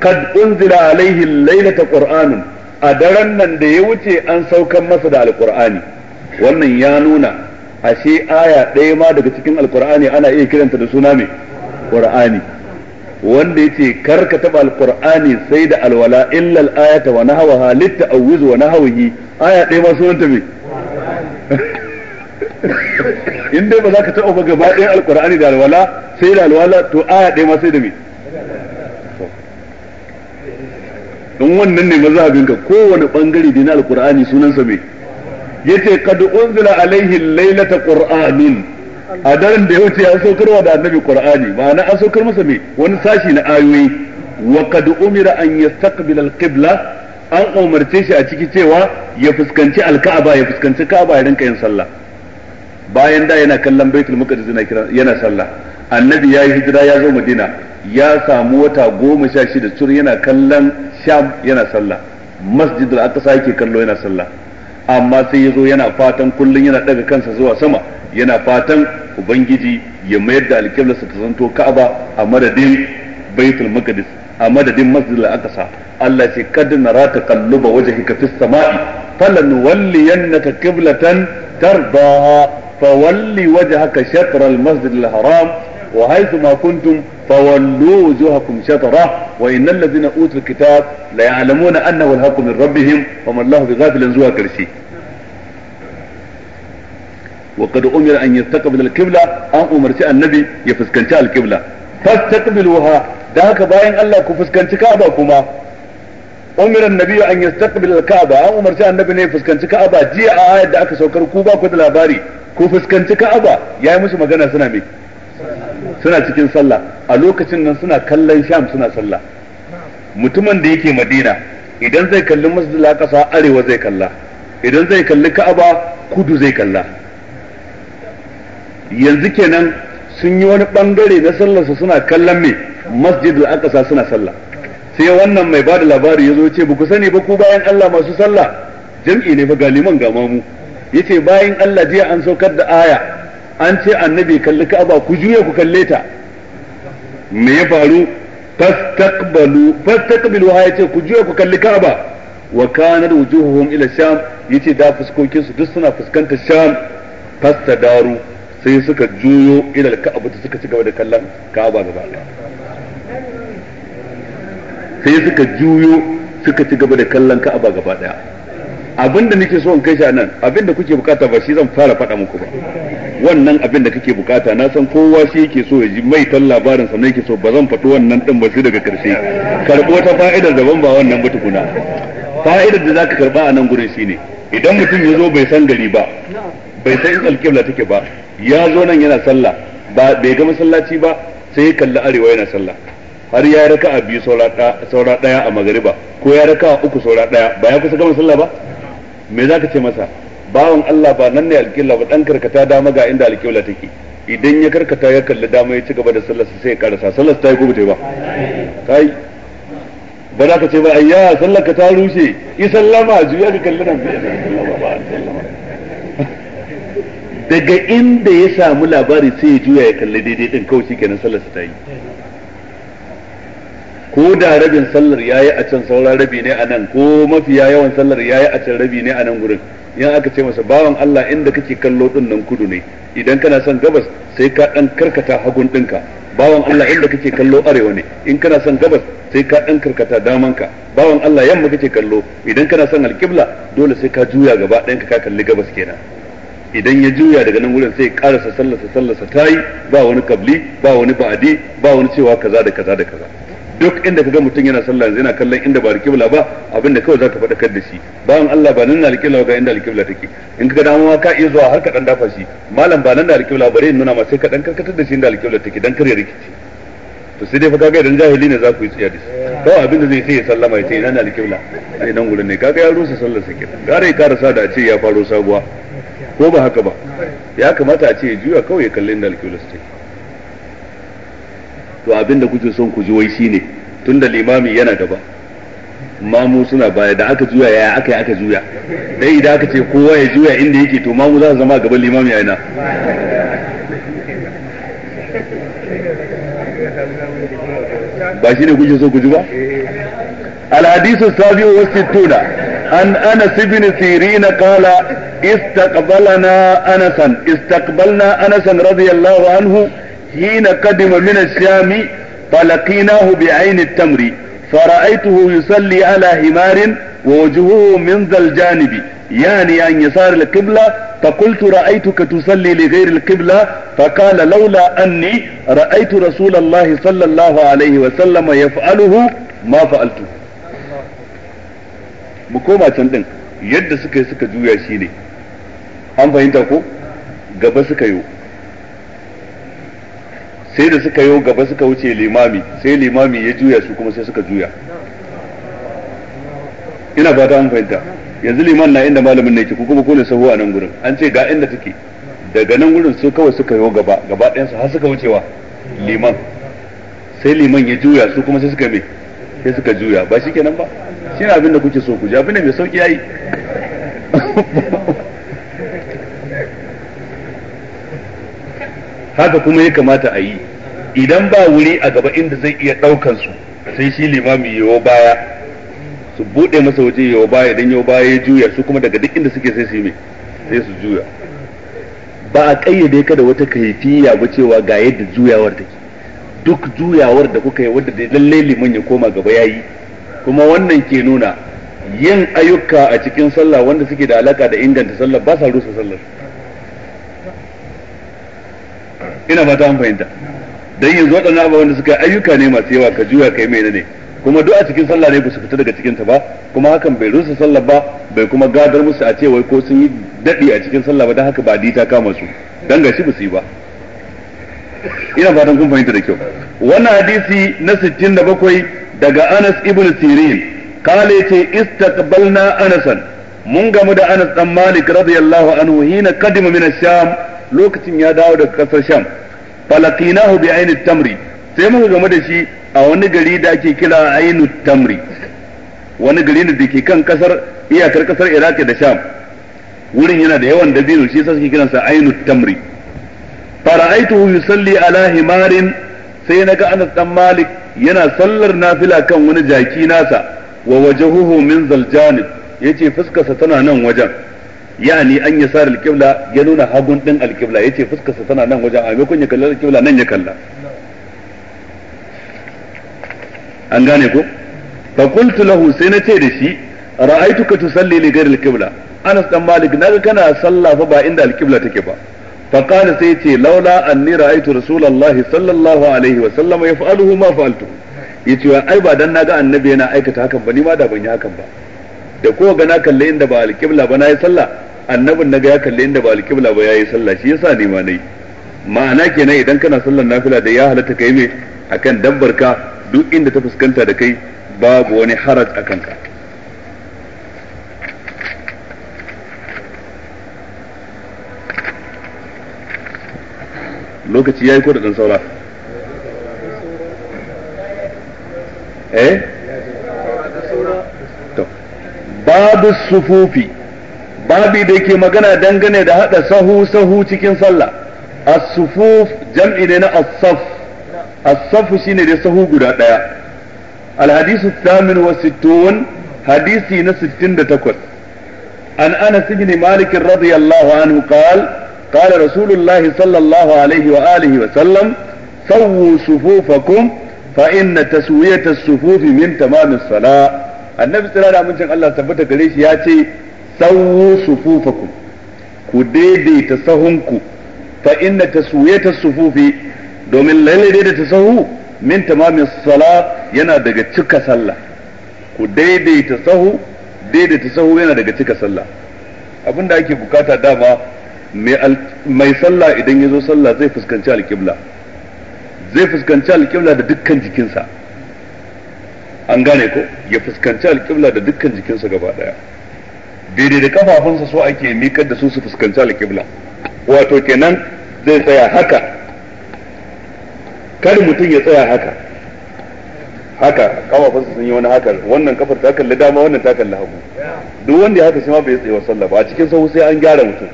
kad unzila alaihi lailata qur'anun a daren nan da ya wuce an saukan masa da alqur'ani wannan ya nuna ashe aya ɗaya ma daga cikin alqur'ani ana iya kiranta da suna mai qur'ani wanda ce kar ka taba alqur'ani sai da alwala illa alayata wa nahwaha litta'awwiz wa nahwihi aya ɗaya sunanta mai in dai ba za ka taɓa ba gaba ɗayan alkur'ani da alwala sai da alwala to aya ɗaya ma sai da me in wannan ne mazhabin ka kowane bangare da na alkur'ani sa me yace qad unzila alaihi lailata qur'anin a daren da ya wuce an saukarwa da annabi qur'ani ma'ana an saukar masa me wani sashi na ayoyi wa qad umira an yastaqbila al-qibla an umarce shi a ciki cewa ya fuskanci alka'aba ya fuskanci ka'aba ya rinka yin sallah bayan da yana kallon baitul maqdis yana kira yana sallah annabi yayi hijira ya zo madina ya samu wata goma sha shida tur yana kallon sham yana sallah masjid al-aqsa yake kallo yana sallah amma sai ya zo yana fatan kullum yana daga kansa zuwa sama yana fatan ubangiji ya mayar da alƙiblarsa ta zanto ka'aba a madadin baitul maqdis a madadin masjid al-aqsa Allah ce kad rata kalluba wajhika fis sama'i falanwalliyannaka qiblatan tarbaha. فولي وجهك شطر المسجد الحرام وحيثما كنتم فولوا وجوهكم شطره وان الذين اوتوا الكتاب ليعلمون انه الحق من ربهم وما الله بغافل زوى كرسي وقد امر ان يستقبل القبله ان شيء النبي يفسكنت القبله فاستقبلوها ذاك باين الله كفسكنت كعبه umira annabi an yastaqbil al-ka'ba an umarci annabi ne fuskanci ka'aba jiya a ayar da aka saukar ku ba ku da labari ku fuskanci ka'aba yayi musu magana suna me suna cikin sallah a lokacin nan suna kallon sham suna sallah mutumin da yake madina idan zai kalli masjidil aqsa arewa zai kalla idan zai kalli ka'aba kudu zai kalla yanzu kenan sun yi wani bangare na sallarsa suna kallon me masjidil aqsa suna sallah sai wannan mai bada labari ya zo ce ba ku sani ba ku bayan Allah masu sallah jam'i ne fa galiman ga mamu ce bayan Allah jiya an saukar da aya an ce annabi kalli Ka'aba ku juye ku kalle ta me ya faru fastaqbalu fastaqbilu ha yace ku juye ku kalli Ka'aba wa kanat wujuhuhum ila sham yace da fuskokin su duk suna fuskantar sham fastadaru sai suka juyo ila Ka'aba suka ci gaba da kallon Ka'aba gaba sai suka juyo suka ci gaba da kallon ka'aba gaba daya abinda nake so in kai shi nan abinda kuke bukata ba shi zan fara faɗa muku ba wannan abinda kake bukata na san kowa shi yake so ya ji mai tan labarin sannan yake so ba zan faɗi wannan din ba shi daga karshe karɓi wata fa'idar daban ba wannan ba tukuna fa'idar da zaka karba a nan gurin ne idan mutum ya zo bai san gari ba bai san alƙibla take ba ya zo nan yana sallah ba bai ga masallaci ba sai ya kalli arewa yana sallah har ya raka a biyu saura ɗaya a magariba ko ya raka a uku saura ɗaya ba ya kusa gama sallah ba me za ka ce masa bawan Allah ba nan ne alƙibla ba ɗan karkata dama ga inda alƙibla take idan ya karkata ya kalli dama ya ci gaba da sallar sai ya karasa sallar ta yi gobe ba kai ba za ka ce ba ayya sallar ka ta rushe yi sallama juya ka kalli nan daga inda ya samu labari sai ya juya ya kalli daidai din kawai kenan sallar ta yi ko da rabin sallar yayi a can sauran rabi ne a nan ko mafiya yawan sallar yayi a can rabi ne a nan gurin in aka ce masa bawan Allah inda kake kallo din nan kudu ne idan kana son gabas sai ka dan karkata hagun dinka bawan Allah inda kake kallo arewa ne in kana son gabas sai ka dan karkata damanka bawan Allah yamma kake kallo idan kana son alkibla dole sai ka juya gaba ɗayan ka kalli gabas kenan idan ya juya daga nan wurin sai karasa sallarsa sallarsa tayi ba wani kabli ba wani ba'adi ba wani cewa kaza da kaza da kaza duk inda kaga mutum yana sallah yana kallon inda ba alƙibla ba abin da kawai zaka faɗakar da shi bawan Allah ba nan alƙibla ga inda alƙibla take in kaga dama ka iya zuwa har ka dan dafa shi malam ba nan da alƙibla bare nuna ma sai ka dan karkatar da shi inda alƙibla take dan kare rikici to sai dai fa kaga idan jahili ne za ku yi tsiya da shi kawai abin da zai sai ya sallama ya ce ina alƙibla sai nan gurin ne kaga ya rusa sallar sa kenan gare ya karasa da a ce ya faro sabuwa ko ba haka ba ya kamata a ce ya juya kawai ya kalle inda alƙibla take to abin da kuke son ku ji wai shine tunda limami yana gaba mamu suna baya da aka juya yaya aka yi aka juya dai idan aka ce kowa ya juya inda yake to mamu za su zama gaban limami yana ba shine kuke son ku ji ba الحديث السابع والستون عن انس بن سيرين قال استقبلنا انسا استقبلنا انسا رضي الله عنه حين قدم من الشام فلقيناه بعين التمر فرأيته يصلي على حمار ووجهه من ذا الجانب يعني عن يسار القبلة فقلت رأيتك تصلي لغير القبلة فقال لولا أني رأيت رسول الله صلى الله عليه وسلم يفعله ما فعلته mu koma can din yadda suka yi suka juya shi ne an fahimta ko gaba suka yi sai da suka yi gaba suka wuce limami sai limami ya juya su kuma sai suka juya ina ba ta an fahimta yanzu liman na inda malamin ne ke ku kuma kone sahu a nan gurin an ce ga inda take daga nan gurin sai kawai suka yi gaba gaba ɗayan su har suka wucewa liman sai liman ya juya su kuma sai suka me sai suka juya ba shi kenan ba shi ne abin da kuke so ku ji abin da mai sauki yi. [laughs] haka kuma ya kamata a yi idan ba wuri a gaba inda zai iya ɗaukan su sai shi limami yawo baya su buɗe masa waje yawo baya idan yawo baya ya juya su kuma daga duk inda suke sai su yi sai su juya ba a ƙayyade ka da wata kaifiya ba cewa ga yadda juyawar take duk juyawar da kuka yi wadda da lallai liman ya koma gaba ya yi kuma wannan ke nuna yin ayyuka a cikin sallah wanda suke da alaka da inganta sallah ba sa rusa sallar ina fata an fahimta dan yanzu waɗannan abubuwan da suka ayyuka ne masu yawa ka juya kai mai ne kuma duk a cikin sallah ne ba su fita daga cikin ta ba kuma hakan bai rusa sallah ba bai kuma gadar musu a ce wai ko sun yi dadi a cikin sallah ba dan haka ba di ta kama su dan gashi ba su yi ba ina fatan kun fahimta da kyau wannan hadisi na 67 daga Anas ibn Sirin kale ce istaqbalna Anasan mun gamu da Anas dan Malik radiyallahu anhu hina kadima min ash-Sham lokacin ya dawo daga kasar sham falaqinahu bi ainit tamri sai muka game da shi a wani gari da ake kira ainut tamri wani gari ne da ke kan kasar iyakar kasar iraq da sham wurin yana da yawan dabino shi yasa suke kiransa ainut tamri fara'aituhu yusalli ala himarin sai naga Anas dan Malik yana sallar nafila kan wani jaki nasa wa wajahuhu min zaljanib yace fuskarsa tana nan wajen yani an ya sa alƙibla ya nuna hagun ɗin alƙibla ya ce fuskarsa tana nan wajen a maimakon ya kalli alƙibla nan ya kalla an gane ko fa qultu lahu sai na ce da shi ra'aituka tusalli li ghayri al Anas dan Malik naga kana sallah fa ba inda alƙibla take ba fa qala sai ce laula anni ra'aitu rasulullahi sallallahu alaihi wa sallam yaf'aluhu ma fa'altu yace ai ba dan naga annabi yana aikata hakan ba ni ma da ban yi hakan ba da ko ga na kalle inda ba alƙibla ba na yi sallah annabin na ga ya kalle inda ba alƙibla ba ya yi sallah shi yasa ne ma nai ma'ana kenan idan kana sallar nafila da ya halatta kai me akan dabbar ka duk inda ta fuskanta da kai babu wani haraj a kanka lokaci yi ko da dan saura eh باب الصفوف باب ديكي مغنى دنغني ده هذا سهو سهو تكين صلى الصفوف جمع لنا الصف الصف شيني ده سهو قد الحديث الثامن والستون حديثي نسجتين ده تكوث عن أنس بن مالك رضي الله عنه قال قال رسول الله صلى الله عليه وآله وسلم سووا صفوفكم فإن تسوية الصفوف من تمام الصلاة annabi tsira da amincin Allah tabbata gare shi ya ce sawu sufufakum ku daidaita sahunku fa inna taswiyata sufufi domin lalle daidaita sahu min tamamin sala yana daga cika sallah ku daidaita sahu daidaita sahu yana daga cika sallah abinda ake bukata dama mai sallah idan ya zo sallah zai fuskanci alkibla zai fuskanci alƙibla da dukkan jikinsa an gane ko ya fuskanci alƙibla da dukkan jikinsa gaba ɗaya daidai da kafafunsa so ake miƙar da su su fuskanci alƙibla wato kenan zai tsaya haka kar mutum ya tsaya haka haka kafafunsa sun yi wani haka wannan kafar ta kalli dama wannan ta kalli hagu duk wanda ya haka shi ma bai tsaye wa sallah ba a cikin sahu sai an gyara mutum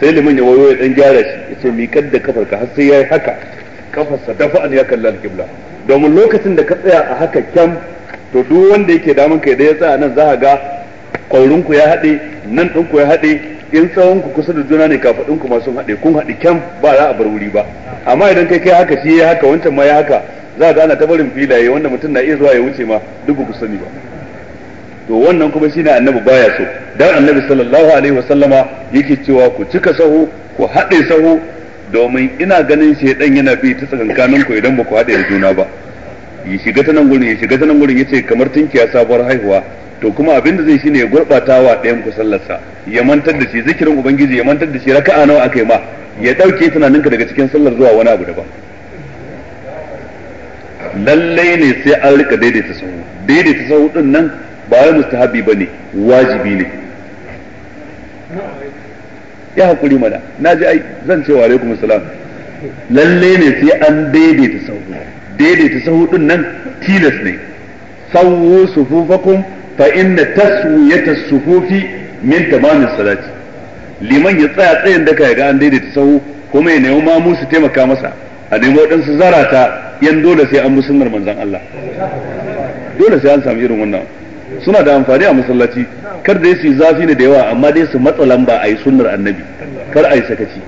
sai liman ya wayo ya dan gyara shi ya ce miƙar da kafar ka har sai ya yi haka kafarsa dafa'an ya kalli alƙibla domin lokacin da ka tsaya a haka kyan to duk wanda yake damun kai da ya tsaya nan za a ga ƙaurin ya haɗe nan ɗinku ya haɗe in tsawon kusa da juna ne kafaɗinku ku masu haɗe kun haɗe kyan ba za a bar wuri ba amma idan kai kai haka shi ya haka wancan ma ya haka za a ga ta barin filaye wanda mutum na iya zuwa ya wuce ma duk ku sani ba to wannan kuma shine annabi baya so dan annabi sallallahu alaihi wasallama yake cewa ku cika sahu ku haɗe sahu domin ina ganin shaidan yana bi ta tsakankanin ku idan ba ku haɗe da juna ba ya shiga ta nan gurin ya shiga ta nan gurin yace kamar tinkiya sabuwar haihuwa to kuma abin da zai shine ya gurbata wa ɗayan ku sallarsa ya mantar da shi zikirin ubangiji ya mantar da shi raka'a nawa akai ma ya dauke tunaninka daga cikin sallar zuwa wani abu daban lallai ne sai an rika daidaita sahu daidaita sahu din nan ba wai mustahabi bane wajibi ne ya hakuri mana na ji ai zan ce wa alaikum salam lalle ne sai an daidaita sahu daidaita sahu din nan tilas ne sawu sufufakum fa inna taswiyata sufufi min tamamin salati liman ya tsaya tsayin daka ya ga an daidaita sahu kuma ya nemi mamu su taimaka masa a nemi waɗansu zarata yan dole sai an bi sunnar manzon Allah dole sai an samu irin wannan suna da amfani a masallaci kar da su zafi ne da yawa amma dai su matsa lamba a yi sunnar annabi kar a yi sakaci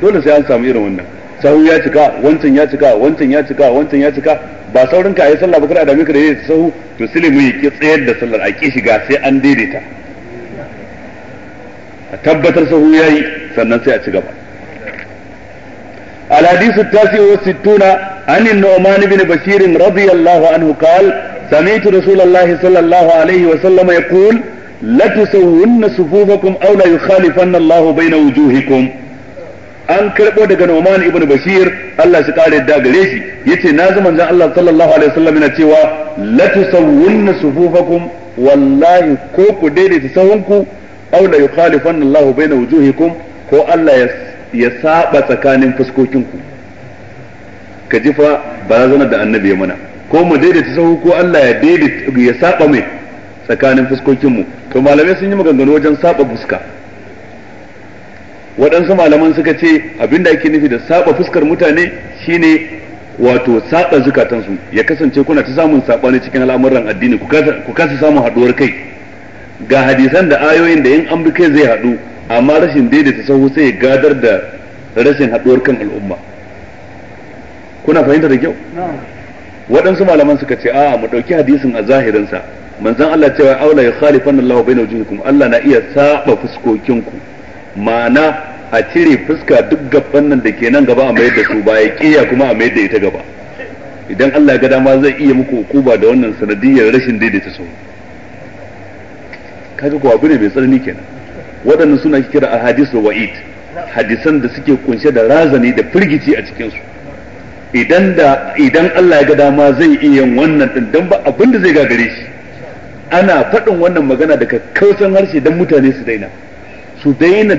dole sai an samu irin wannan sahu ya cika wancan ya cika wancan ya cika wancan ya cika ba saurin ka a yi sallah ba kar a dame ka da daidaita sahu to silimu ya ki tsayar da sallar a ki shiga sai an daidaita a tabbatar sahu ya yi sannan sai a ci gaba الحديث التاسع والستون عن النعمان بن بشير رضي الله عنه قال سمعت رسول الله صلى الله عليه وسلم يقول لا تسوون صفوفكم أو لا يخالفن الله بين وجوهكم an karɓo daga Noman ibn Bashir Allah shi kare da gare shi yace na zama manzon Allah sallallahu alaihi wasallam yana cewa la tusawwunna sufufakum wallahi ko ku daidaita sahunku aw la yukhalifanna Allah baina wujuhikum ko Allah ya saba tsakanin fuskokinku ka ji fa barazanar da annabi ya mana ko mu daidaita sahu ko Allah ya daidaita ya saba mai tsakanin fuskokin to malamai sun yi maganganu wajen saba fuska waɗansu malaman suka ce abinda ake nufi da saba fuskar mutane shine wato saba zukatansu ya kasance kuna ta samun sabani cikin al'amuran addini ku kasa samun haɗuwar kai ga hadisan da ayoyin da yin an bi kai zai haɗu amma rashin daidaita sahu sai ya gadar da rashin haɗuwar kan al'umma kuna fahimta da kyau waɗansu malaman suka ce a mu ɗauki hadisin a zahirinsa manzon Allah cewa aula ya khalifan Allah bayna wujuhikum Allah na iya saba fuskokinku ma'ana a cire fuska duk gaban nan da ke nan gaba a mayar da su baya kiya kuma a mayar da ita gaba idan Allah ya ga dama zai iya muku ukuba da wannan sanadiyar rashin daidaita su kaga ko abu ne mai tsanani kenan waɗannan suna kira ahadisu wa'id hadisan da suke kunshe da razani da firgici a cikin su idan da idan Allah ya ga dama zai iya yin wannan din dan ba abin da zai gagare shi ana faɗin wannan magana daga kausan harshe dan mutane su daina su daina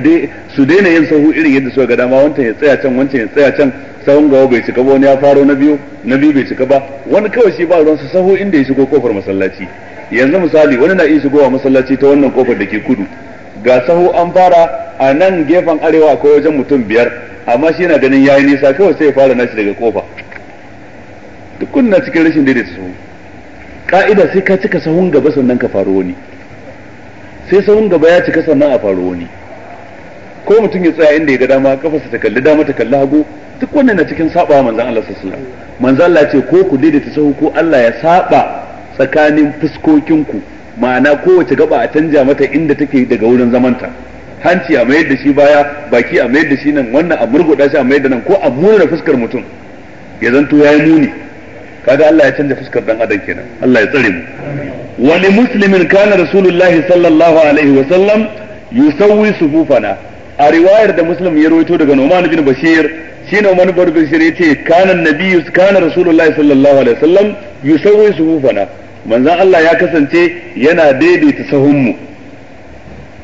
su daina yin sahu irin yadda suka ga dama wancan ya tsaya can wancan ya tsaya can sahun gawa bai cika ba wani ya faro na biyu na biyu bai cika ba wani kawai shi ba ruwan su sahu inda ya shigo kofar masallaci yanzu misali wani na iya shigowa masallaci ta wannan kofar da ke kudu ga sahu an fara a nan gefen arewa akwai wajen mutum biyar amma shi yana ganin yayi nisa kawai sai ya fara nashi daga kofa duk kunna cikin rashin daidaita sahu ka'ida sai ka cika sahun gaba sannan ka faru wani sai sahun gaba ya cika sannan a faru wani ko mutum ya tsaya inda ya ga dama kafarsa ta kalli dama ta kalli hagu duk wannan na cikin saba manzon Allah sallallahu alaihi wasallam Allah ce ko ku daidaita sahu ko Allah ya saɓa tsakanin fuskokinku ma'ana kowace gaba a canja mata inda take daga wurin zamanta hanci a mayar da shi baya baki a mayar da shi nan wannan a da shi a mayar da nan ko a murna fuskar mutum ya zanto yi muni kaga Allah ya canza fuskar dan adam kenan Allah ya tsare mu wani muslimin kana rasulullahi sallallahu alaihi wa sallam yusawwi sufufana a riwayar da muslim ya rawaito daga Numan bin Bashir shi Numan bin Bashir yace kana nabiyyu kana rasulullahi sallallahu alaihi wa sallam yusawwi sufufana manzon Allah ya kasance yana daidaita sahunmu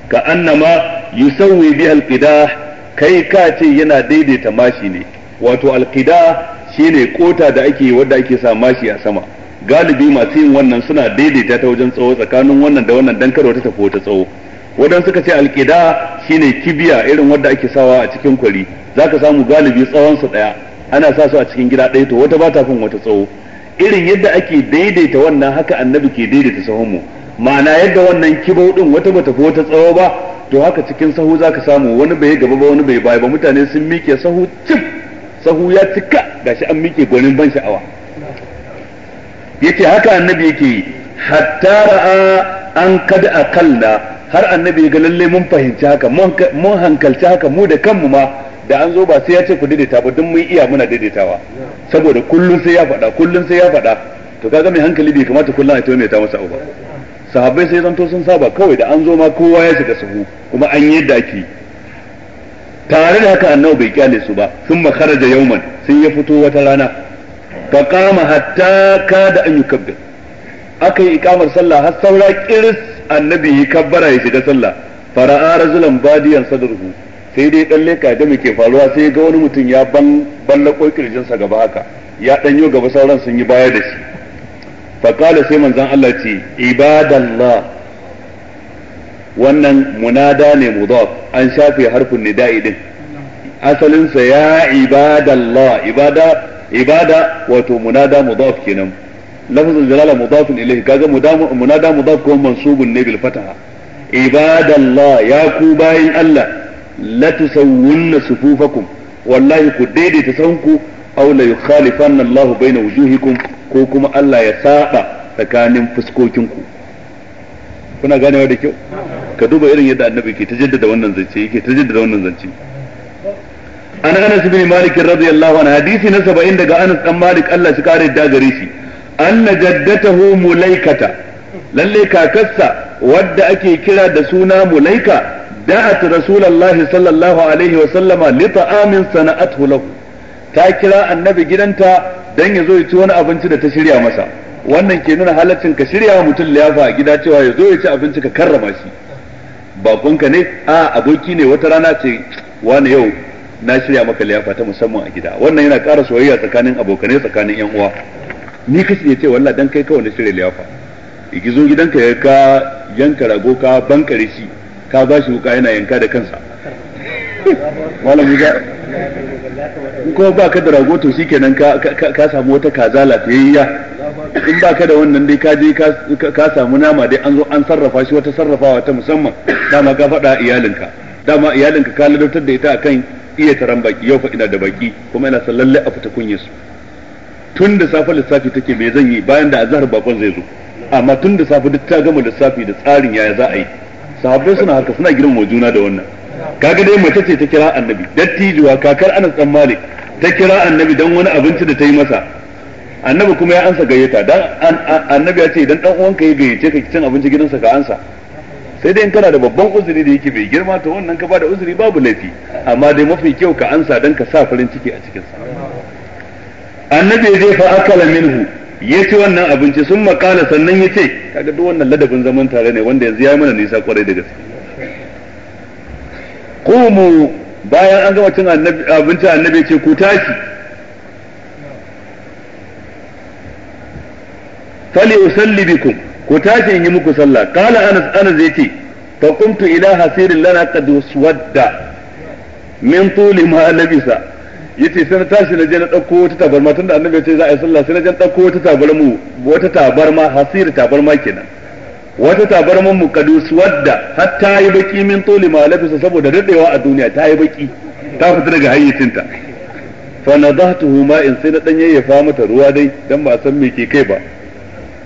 ka annama yusawwi bi alqidah kai ka ce yana daidaita mashi ne wato alqida shine kota da ake wanda ake sa mashi a sama galibi masu yin wannan suna daidaita ta wajen tsawo tsakanin wannan da wannan dan karwa ta tafi ta tsawo wadan suka ce alqida shine kibiya irin wanda ake sawa a cikin kwari zaka samu galibi tsawon su daya ana sa su a cikin gida ɗaya to wata bata ta wata tsawo irin yadda ake daidaita wannan haka annabi ke daidaita sahunmu ma'ana yadda wannan kibau din wata bata fi wata tsawo ba to haka cikin sahu za ka samu wani bai gaba ba wani bai baya ba mutane sun mike sahu cif sahu ya cika gashi an mike gwanin ban sha'awa yace haka annabi yake yi hatta ra'a an kada akalla har annabi ga lalle mun fahimci haka mun hankalci haka mu da kanmu ma da an zo ba sai ya ce ku daidaita ba don mun iya muna daidaitawa saboda kullun sai ya faɗa kullun sai ya faɗa to kaga mai hankali bai kamata kullun a ta masa ba sahabbai sai zanto sun saba kawai da an zo ma kowa ya shiga sahu kuma an yi yadda ake tare da haka annabi bai kyale su ba sun makaraja yauman sun ya fito wata rana fa qama hatta kada an yukabbir aka yi ikamar sallah har saura kiris annabi ya kabbara ya shiga sallah fara'a rajulan badiyan sadruhu sai dai dan leka da muke faruwa sai ga wani mutum ya ban balla kirjinsa gaba haka ya danyo gaba sauran sun yi baya da shi faƙala sai manzan Allah ce ibadallah wannan munada ne mudaf an shafe harfin nida'i din asalinsa ya ibadallah ibada ibada wato munada mudaf kenan lafazin jalala mudafin ilayhi kaga munada mudaf kuma mansubun ne bil fataha ibadallah ya ku bayin Allah la tusawwunna sufufakum wallahi ku daidaita sanku aw la yukhalifanna Allah baina wujuhikum ko kuma Allah ya saba tsakanin fuskokinku kuna ganewa da kyau ka duba irin yadda annabi ke ta jaddada wannan zance yake ta jaddada wannan zance an anas bin malik radiyallahu anhu hadisi na 70 daga anas dan malik Allah shi kare da gare shi anna jaddatahu mulaikata lalle kakarsa wadda ake kira da suna mulaika da'at rasulullahi sallallahu alaihi wa sallama li ta'amin sana'athu lahu ta kira annabi gidanta dan ya zo ya ci wani abinci da ta shirya masa wannan ke nuna halaccin ka shirya wa mutum liyafa a gida cewa ya zo ya ci abinci ka karrama shi bakonka ne a aboki ne wata rana ce wani yau na shirya maka liyafa ta musamman a gida wannan yana ƙara soyayya tsakanin abokanai tsakanin yan uwa ni kace ya ce wallahi dan kai kawai na shirya liyafa gizo gidanka ya ka yanka rago ka bankare shi ka ba shi wuka yana yanka da kansa malam ga ko ba ka da rago to shikenan ka ka samu wata kaza lafiyayya in ba ka da wannan dai ka je ka samu nama dai an zo an sarrafa shi wata sarrafawa ta musamman dama ka faɗa iyalinka dama iyalinka ka ladautar da ita akan iya taran baki yau fa ina da baki kuma ina san lalle a fita kunya su tun da safe lissafi take me zan yi bayan da azhar bakon zai zo amma tun da safe duk ta gama lissafi da tsarin yaya za a yi sahabbai suna haka suna girmama juna da wannan kaga dai mace ce ta kira annabi dattijuwa kakar Anas dan Malik ta kira annabi dan wani abinci da ta yi masa annabi kuma ya ansa gayyata dan annabi ya ce idan dan ka ya gayyace ka cin abinci gidansa ka ansa sai dai in kana da babban uzuri da yake bai girma to wannan ka bada uzuri babu laifi amma dai mafi kyau ka ansa dan ka sa farin ciki a cikin sa annabi ya je fa akala minhu ya ci wannan abinci sun makala sannan ya ce kaga duk wannan ladabin zaman tare ne wanda yanzu ya yi mana nisa kwarai da gaske qumu bayan an gama cin abinci annabi ce ku tashi fali usalli bikum ku tashi in yi muku sallah qala anas anas yace fa qumtu ila hasirin lana qad waswadda min tuli ma labisa yace sai na tashi na je na dauko wata tabarma tunda annabi ya ce za a yi sallah sai na je na dauko wata tabarma wata tabarma hasir tabarma kenan wata tabarman muqaddus wadda hatta yi baki min tuli ma labisa saboda dadewa a duniya ta yi baki ta fita daga hayyacinta fa ta ma in sai na dan yayyafa mata ruwa dai dan ba san me ke kai ba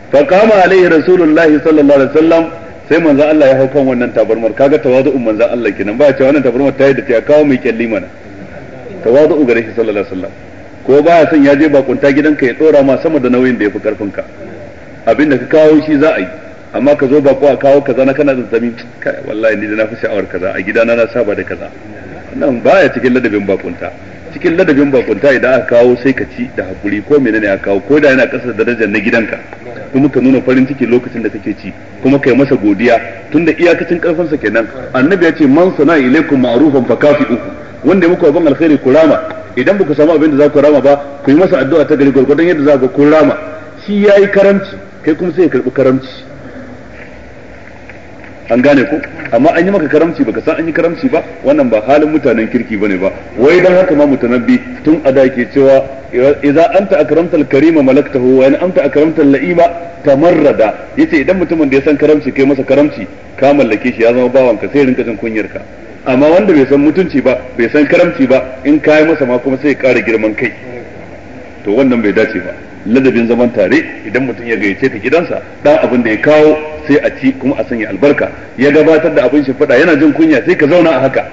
fa kama alaihi rasulullahi sallallahu alaihi wasallam sai manzo Allah ya hau kan wannan tabarmar kaga tawazu'un manzo Allah kenan ba ya ce wannan tabarmar ta yi da ta kawo mai kyalli mana tawazu'u gare shi sallallahu alaihi wasallam ko ba ya son ya je bakunta gidanka ya dora ma sama da nauyin da yafi karfin ka abinda ka kawo shi za a yi amma ka zo bako a kawo kaza na kana zazzabi kai wallahi ni da na fi sha'awar kaza a gidana na saba da kaza wannan baya cikin ladabin bakunta cikin ladabin bakunta idan aka kawo sai ka ci da hakuri ko menene aka kawo ko da yana kasa darajar na gidanka kuma ka nuna farin ciki lokacin da kake ci kuma kai masa godiya tunda iyakacin karfin sa kenan annabi ya ce man sana ilaikum ma'rufan fakafi'u wanda muku abin alkhairi ku rama idan baka samu abin da za ku rama ba ku yi masa addu'a ta gari gurgurdan yadda za ku rama shi yayi karamci kai kuma sai ya karbi karamci an gane ko amma an yi maka karamci baka san an yi karamci ba wannan ba halin mutanen kirki bane ba wai dan haka ma mutanabbi tun ada ke cewa idza anta akramtal karima malaktahu wa in anta akramtal la'ima tamarrada yace idan mutumin da ya san karamci kai masa karamci ka mallake shi ya zama bawanka sai rinka jin ka amma wanda bai san mutunci ba bai san karamci ba in kai masa ma kuma sai ya kara girman kai to wannan bai dace ba ladabin zaman tare idan mutum ya gayyace ta gidansa dan abin da ya kawo sai a ci kuma a sanya albarka ya gabatar da abin shi fada yana jin kunya sai ka zauna a haka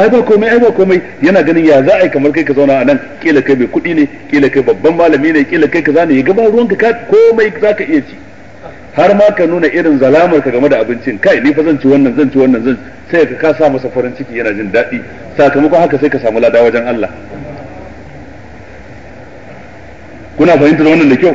ai ba komai ai ba komai yana ganin ya za a yi kamar kai ka zauna a nan kila kai mai kuɗi ne kila kai babban malami ne kila kai ka ne ya gaba ruwan ka komai za ka iya ci har ma ka nuna irin zalamar ka game da abincin kai ni fa zan ci wannan zan ci wannan zan sai ka kasa sa masa farin ciki yana jin daɗi sakamakon haka sai ka samu lada wajen Allah kuna fahimtar wannan da kyau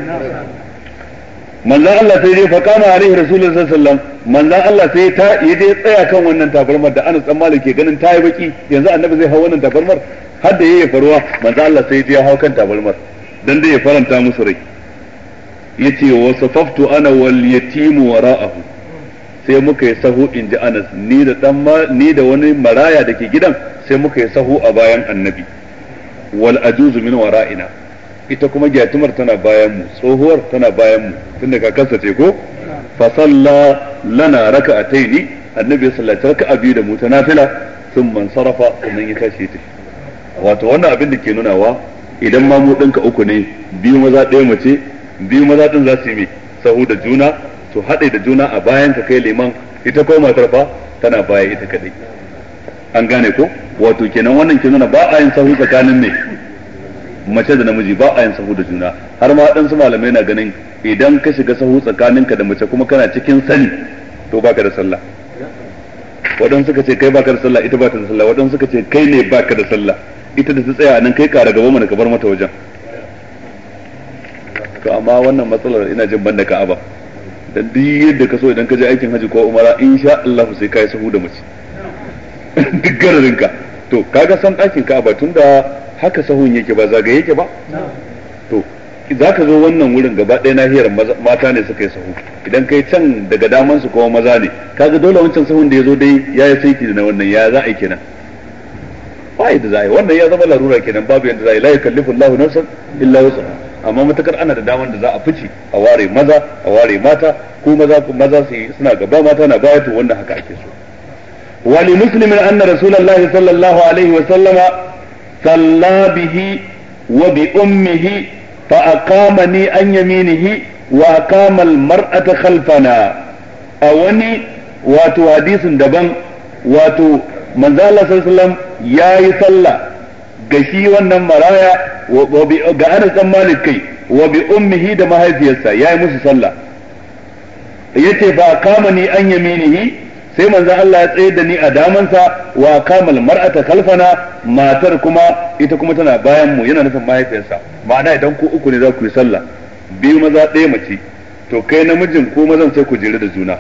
manzan Allah sai dai faqama alaihi rasulullahi sallallahu alaihi wasallam manzan Allah sai ta ya dai tsaya kan wannan tabarmar da Anas dan Malik ke ganin ta baki yanzu annabi zai hau wannan tabarmar har da yayi farwa manzan Allah sai ya hau kan tabarmar dan dai ya faranta musu rai yace wa safaftu ana wal yatim wara'ahu sai muka yi sahu in ji Anas ni da dan ni da wani maraya da ke gidan sai muka yi sahu a bayan annabi wal ajuzu min wara'ina ita kuma gyatumar tana bayan mu tsohuwar tana bayan mu tunda kakansa ce ko fa raka a taini annabi ya sallaci raka'a biyu da mu ta nafila sun man sarrafa sannan ya tashi ta wato wannan abin da ke nunawa idan ma mu ɗinka uku ne biyu maza ɗaya mace biyu maza ɗin za su yi sahu da juna su haɗe da juna a bayan ka kai liman ita ko matar fa tana baya ita kaɗai an gane ko wato kenan wannan ke nuna ba a yin sahu tsakanin ne mace da namiji ba a yin sahu da juna har ma waɗansu malamai na ganin idan ka shiga sahu tsakaninka da mace kuma kana cikin sani to baka da sallah waɗansu suka ce kai baka da sallah ita baka da sallah waɗansu suka ce kai ne baka da sallah ita da ta tsaya nan kai ƙara gaba mana ka bar mata wajen to amma wannan matsalar ina jin banda ka'aba dan duk yadda ka so idan ka je aikin haji ko umara insha Allah sai kai sahu da mace [laughs] duk gararinka to kaga san ɗakin ka'aba tunda haka sahun yake ba zagaye yake ba to za ka zo wannan wurin gaba ɗaya nahiyar mata ne suka yi sahu idan kai can daga daman su kuma maza ne kaga dole wancan sahun da ya zo dai ya yi saiki da na wannan ya za a yi kenan ba yadda za a yi wannan ya zama larura kenan babu yadda za a yi la yukallifu na san illa wasu amma matakar ana da daman da za a fice a ware maza a ware mata ko maza maza su yi suna gaba mata na baya to wannan haka ake so wali muslimin anna rasulullahi sallallahu alaihi wa sallama صلى به وبأمه فأقامني عن يمينه وأقام المرأة خلفنا أوني واتو حديث دبن واتو من صلى الله عليه وسلم يا يصلى gashi wannan maraya ga Anas dan Malik kai wa bi ummihi da mahaifiyarsa yayi musu sallah yace fa kama ni an yaminihi sai manzan Allah ya tsaye da ni a damansa wa kamal mar'ata kalfana matar kuma ita kuma tana bayan mu yana nufin mahaifiyarsa ma'ana idan ku uku ne za ku yi sallah biyu maza ɗaya mace to kai namijin ko mazan sai ku jere da juna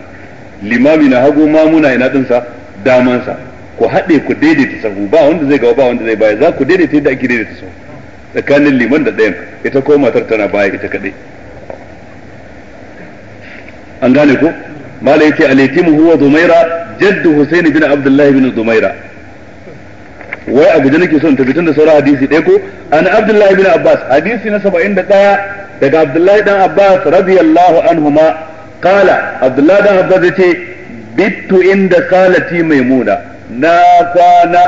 limami na hagu mamuna ina dinsa damansa ku haɗe ku daidaita sahu ba wanda zai gaba ba wanda zai baya za ku daidaita yadda ake daidaita sahu tsakanin liman da ɗayan ita ko matar tana baya ita kaɗai an gane ko mala yace al-yatimu huwa zumaira jaddu husayn bin abdullah bin zumaira wai a guje nake son tabbatar da sauran hadisi ɗaya ko an abdullahi bin abbas hadisi na 71 daga abdullahi dan abbas radiyallahu ma kala abdullahi dan abbas yace bittu inda khalati maimuna na kwana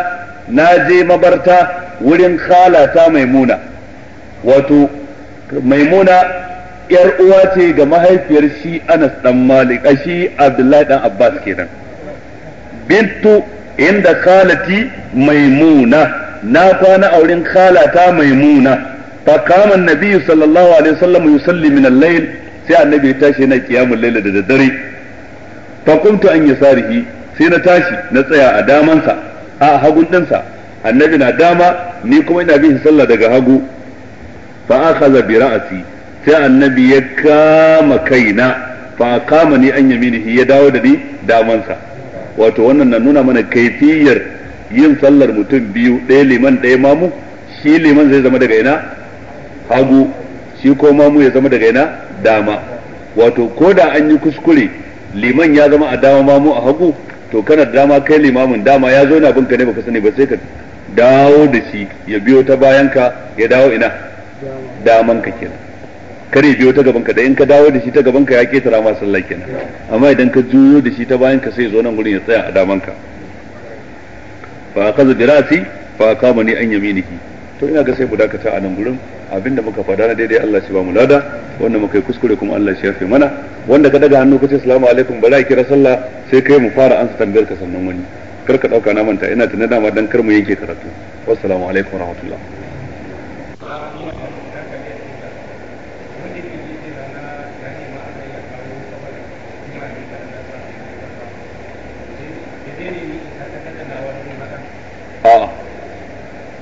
na je mabarta wurin khalata maimuna wato maimuna yar uwa ce ga mahaifiyar shi Anas dan Malik shi Abdullahi dan Abbas kenan bintu inda khalati maimuna na kwana auren khalata maimuna fa kama annabi sallallahu alaihi wasallam yusalli min al-layl sai annabi ya tashi yana qiyamul layl da daddare fa kuntu an yasarihi sai na tashi na tsaya a damansa a hagun dinsa annabi na dama ni kuma ina bin sallah daga hagu fa akhadha bi ra'si sai annabi ya kama kaina fa kama ni an shi ya dawo da ni damansa wato wannan na nuna mana kaifiyar yin sallar mutum biyu ɗaya liman ɗaya mamu shi liman zai zama daga ina hagu shi ko mamu ya zama daga ina dama wato ko da an yi kuskure liman ya zama a dama mamu a hagu to kana dama kai limamin dama ya zo na binka ne baka sani ba sai ka dawo da shi ya biyo ta bayanka ya dawo ina daman ka kenan kare biyo ta gaban ka da in ka dawo da shi ta gaban ka ya ke tara masu kenan amma idan ka juyo da shi ta bayan ka sai zo nan gurin ya tsaya a daman ka fa akaza bi ra'si fa kama ni an yaminiki to ina ga sai mu dakata a nan gurin abinda muka fada na daidai Allah shi ba mu lada wanda muka yi kuskure kuma Allah shi ya fi mana wanda ka daga hannu ce assalamu alaikum ba za kira sallah sai kai mu fara ansa tambayar ka sannan wani kar ka dauka na manta ina tunada ma dan kar mu yanke karatu wassalamu alaikum warahmatullahi a'a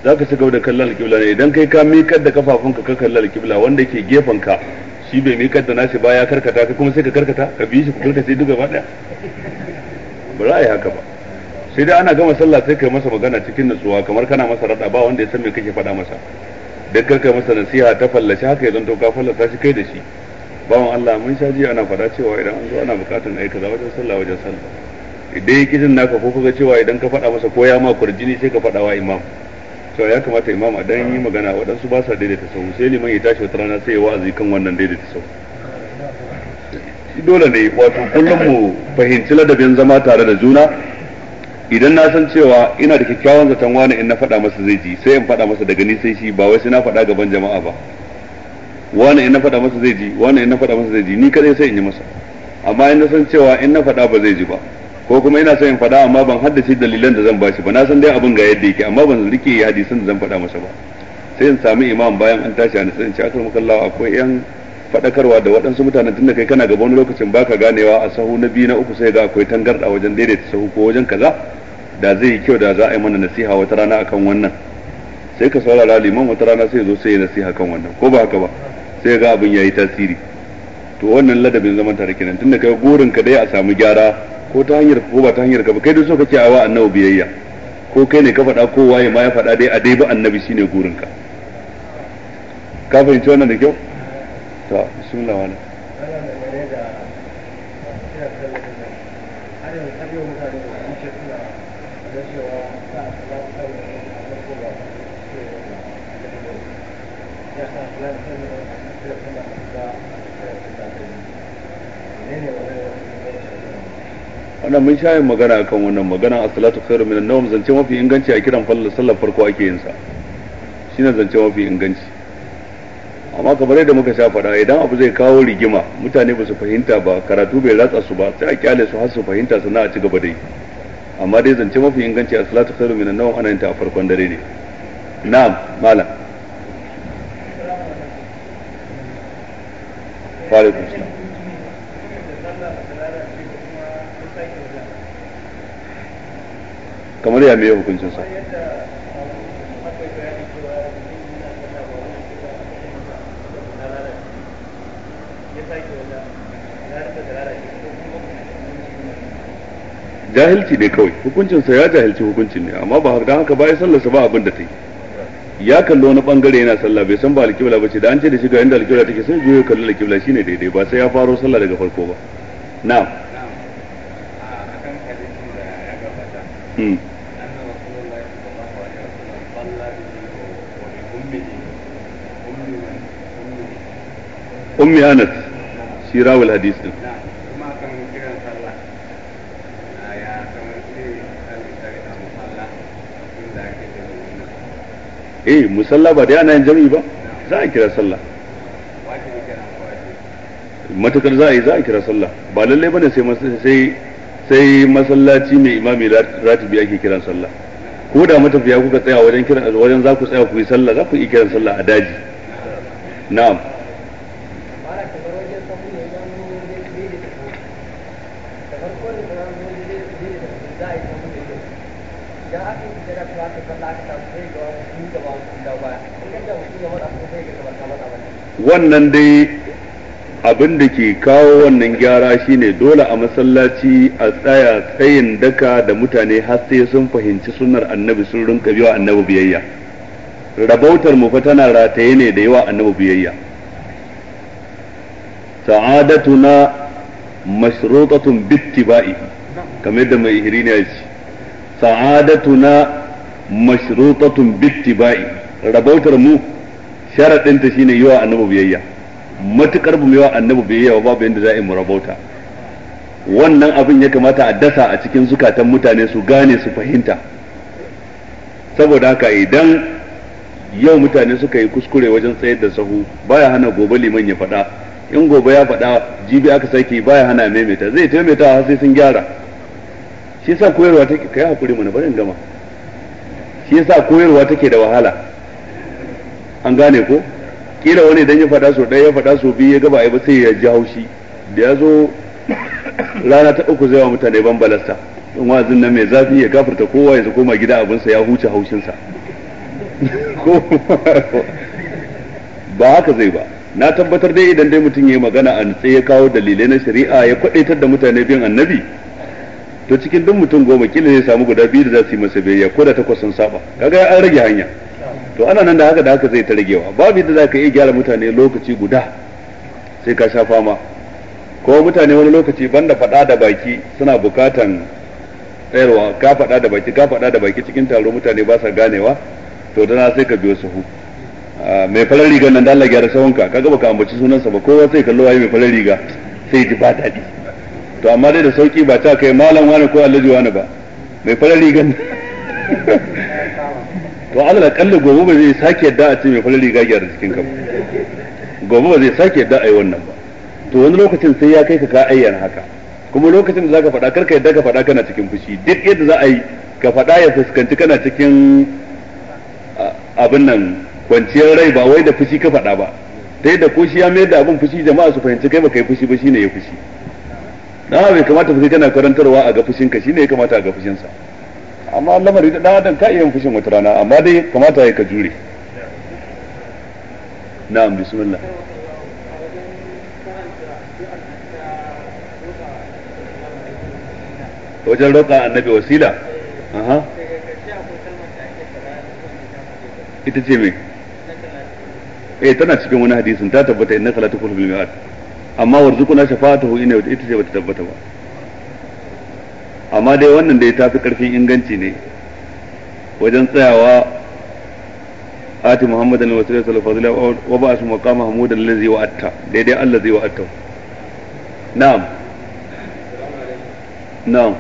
za ka shiga da kallon alƙibla ne idan kai ka miƙar da kafafunka ka kalli alƙibla wanda ke gefen ka shi bai miƙar da nashi ba ya karkata ka kuma sai ka karkata ka bi shi ku karkace duk gaba ɗaya ba za a yi haka ba sai dai ana gama sallah sai kai masa magana cikin nutsuwa kamar kana masa rada ba wanda ya san me kake faɗa masa dan karka masa nasiha ta fallace haka ya zanto ka fallasa shi kai da shi bawan Allah mun sha ji ana faɗa cewa idan an zo ana bukatun aika za wajen sallah wajen sallah idan ya kijin naka ko kuka cewa idan ka faɗa masa ko ya ma kurjini sai ka faɗa wa imam to ya kamata imam a dan yi magana waɗansu ba sa daidaita sau sai liman ya tashi wata rana sai ya wa'azi kan wannan daidaita sau dole ne wato kullum mu fahimci ladabin zama tare da juna idan na san cewa ina da kyakkyawan zaton wani in na faɗa masa zai ji sai in faɗa masa daga ni sai shi ba wai sai na faɗa gaban jama'a ba wani in na faɗa masa zai ji wani in na faɗa masa zai ji ni kadai sai in yi masa amma in na san cewa in na faɗa ba zai ji ba ko kuma ina son in faɗa amma ban haddace dalilan da zan bashi ba na san dai abin ga yadda yake amma ban rike hadisan da zan faɗa masa ba sai in sami imam bayan an tashi a nasarar in ci akar akwai yan faɗakarwa da waɗansu mutanen tunda kai kana gaba wani lokacin baka ganewa a sahu na biyu na uku sai ga akwai tangarɗa wajen daidaita sahu ko wajen kaza da zai yi kyau da za a yi mana nasiha wata rana akan wannan sai ka saurara liman wata rana sai zo sai ya nasiha kan wannan ko ba haka ba sai ga abin yayi tasiri to wannan ladabin zaman tare kenan tunda kai gurin ka dai a samu gyara ko ta hanyar ko ba ta hanyar ka ba kai dai so kake awa annabi biyayya ko kai ne ka faɗa ko waye ma ya faɗa dai a dai ba annabi shine gurin ka ka fahimci wannan da kyau to bismillah wala Yeah. ana mun shayin magana akan wannan magana a salatu khairu minan nawm zance mafi inganci a kiran sallar farko ake yin sa shine zance mafi inganci amma kamar yadda muka sha faɗa idan abu zai kawo rigima mutane ba su fahimta ba karatu bai ratsa su ba sai a kyale su har su fahimta sannan a ci gaba dai amma dai zance mafi inganci a salatu khairu minan nawm ana yin ta a farkon dare ne na'am malam wa alaikum kamar ya mai hukuncin jahilci ne kawai hukuncinsa ya jahilci hukuncin ne amma ba da haka ba ya sallarsa ba abin da ta yi ya kalli wani bangare yana sallah bai san ba alkibla ba ce da an ce da shi ga inda alkibla take sai juyo kalli alkibla shine daidai ba sai ya faro sallah daga farko ba na'am ummi anas shi rawul hadis din eh musalla ba dai ana yin jami'i ba za a kira sallah matakar za a yi za a kira sallah ba lalle bane sai sai sai masallaci mai imami ratibi ake kiran sallah ko da matafiya kuka tsaya wajen kiran wajen za ku tsaya ku yi sallah za ku yi kiran sallah a daji na'am wannan dai abin da ke kawo wannan gyara shine dole a masallaci a tsaya tsayin daka da mutane har sai sun fahimci sunnar annabi sun rinka biyo annabi biyayya rabautar mu fa tana rataye ne da yawa annabi biyayya sa'adatuna mashrutatun bittiba'i kamar da mai ihri ne yace sa'adatuna mashrutatun bittiba'i rabautar mu sharadin ta shine yiwa annabi biyayya matukar bu yiwa annabi biyayya babu yanda za a yi murabauta wannan abin ya kamata a dasa a cikin zukatan mutane su gane su fahimta saboda haka idan yau mutane suka yi kuskure wajen tsayar da sahu baya hana gobe liman ya faɗa in gobe ya faɗa jibi aka sake baya hana maimaita zai taimaita har sai sun gyara shi yasa koyarwa take kai hakuri mana barin gama shi yasa koyarwa take da wahala an gane ko kila wani idan ya faɗa so ɗaya ya faɗa so biyu ya gaba ba sai ya ji haushi da ya zo rana ta uku zai wa mutane ban balasta in wa'azin nan mai zafi ya gafarta kowa ya koma gida abinsa ya huce haushinsa [laughs] ba haka zai ba na tabbatar dai idan dai mutum ya yi magana a nutse ya kawo dalilai na shari'a ya kwadaitar da mutane bin annabi to cikin duk mutum goma kila zai samu guda biyu da za su yi masa biyayya ko da takwas sun saba kaga an rage hanya to ana nan da haka da haka zai ta ragewa babu yadda za ka iya gyara mutane lokaci guda sai ka sha fama ko mutane wani lokaci banda faɗa da baki suna bukatan tsayarwa ka faɗa da baki ka faɗa da baki cikin taro mutane ba sa ganewa to dana sai ka biyo su ah, mai farar riga nan da Allah gyara sawanka kaga baka ambaci sunansa ba kowa sai kallo waye mai farar riga sai ji ba daɗi to amma dai da sauki ba ta kai malam wani ko alhaji wani ba mai farar rigan [laughs] to alal akalla gobe ba zai sake yadda a ce mai farin riga gyara cikin ka gobe ba zai sake yadda a yi wannan ba to wani lokacin sai ya kai ka ka ayyana haka kuma lokacin da zaka faɗa karka yadda ka faɗa kana cikin fushi duk yadda za a yi ka faɗa ya fuskanci kana cikin abin nan kwanciyar rai ba wai da fushi ka faɗa ba ta yadda ko shi ya mayar da abin fushi jama'a su fahimci kai baka yi fushi ba shine ya fushi na bai kamata fushi kana karantarwa a ga fushinka shine ya kamata a ga fushinsa amma lamari da dan adam ka iya fushin wata rana amma dai kamata ya ka jure na'am bismillah wajen roƙa annabi wasila aha ita ce mai eh tana cikin wani hadisin ta tabbata innaka la tukul bil mi'ad amma warzuquna shafa'atuhu ina ita ce bata tabbata ba amma dai wannan da ya tafi karfin inganci ne wajen tsayawa ati muhammadan wasu sallallahu alaihi wa ba'a su maqama hamudan allazi wa'atta daidai allazi wa'atta na'am na'am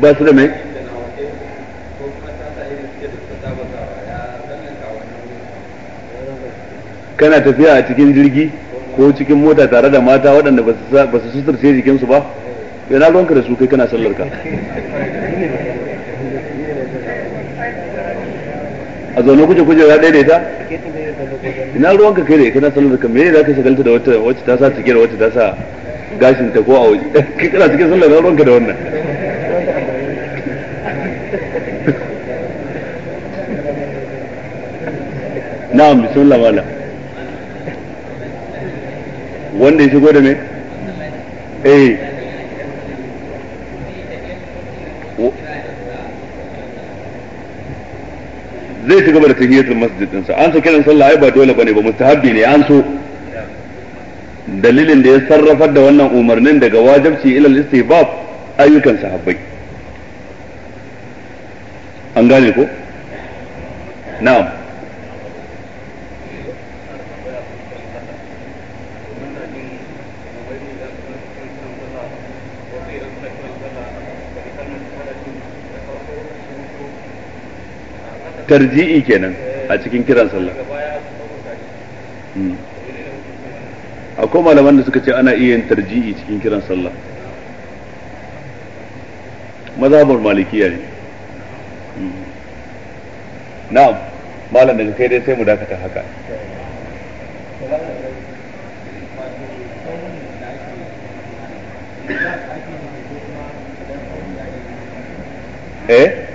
ba su da mai kana tafiya a cikin jirgi ko cikin mota tare da mata waɗanda ba su sai jikinsu ba yana ruwanka da su kai kana sallar ka a zaune kuje kuje ya ɗaya da ita ina ruwanka kai da kana sallar ka me za ka shagalta da wata wacce ta sa cike da wacce ta sa gashin ta ko a waje [laughs] kai kana cikin sallar na ruwanka da wannan [laughs] na'am bismillah malam wanda ya shigo da me eh zai shiga da tahiyatul masjid din sa an sa kiran sallah ai ba dole bane ba mustahabbi ne an so dalilin da ya sarrafar da wannan umarnin daga wajibci ila istihbab ayyukan sahabbai an gane ko na'am tarji'i kenan a cikin kiran sallah hmm. akwai malaman da suka ce ana iya yin tarji'i cikin kiran sallah mazhabar malikiya ne hmm. na'am malam daga kai dai sai mu dakata haka eh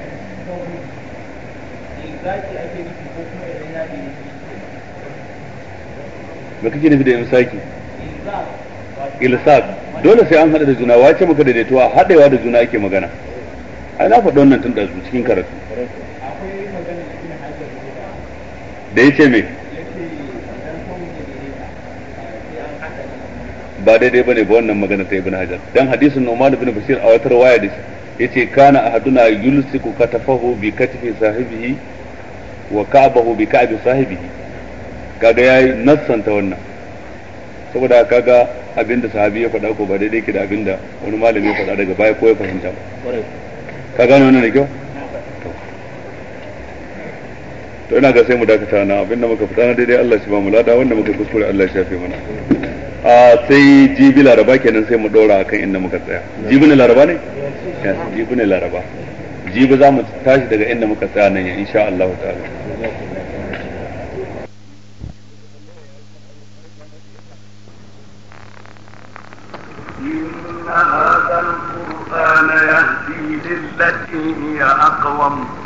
ba ake nufi ko kuma idan ya bi me kake nufi da saki ilsaq dole sai an hada da juna wace muka daidaituwa hadewa da juna ake magana ai na faɗi wannan tun da cikin karatu da ce me ba daidai bane ba wannan magana ta ibn hajar dan hadisin Nu'man ibn Bashir a wata riwaya da yace kana ahaduna yulsiku katafahu bi katifi sahibihi wa ka'abahu bi ka'abi sahibihi kaga yayi nassanta wannan saboda kaga abinda sahabi ya faɗa ko ba daidai ke da abinda wani malami ya faɗa daga baya ko ya fahimta ba ka gane wannan da kyau to ina ga sai mu dakata na abinda muka fita na daidai Allah shi ba mu lada wanda muka kuskure Allah shi ya fi mana a sai jibi laraba kenan sai mu dora akan inda muka tsaya jibi ne laraba ne jibi ne laraba jibi za mu tashi daga inda muka tsaya nan ya insha Allah ta'ala إن هذا القرآن يهدي للتي هي أقوم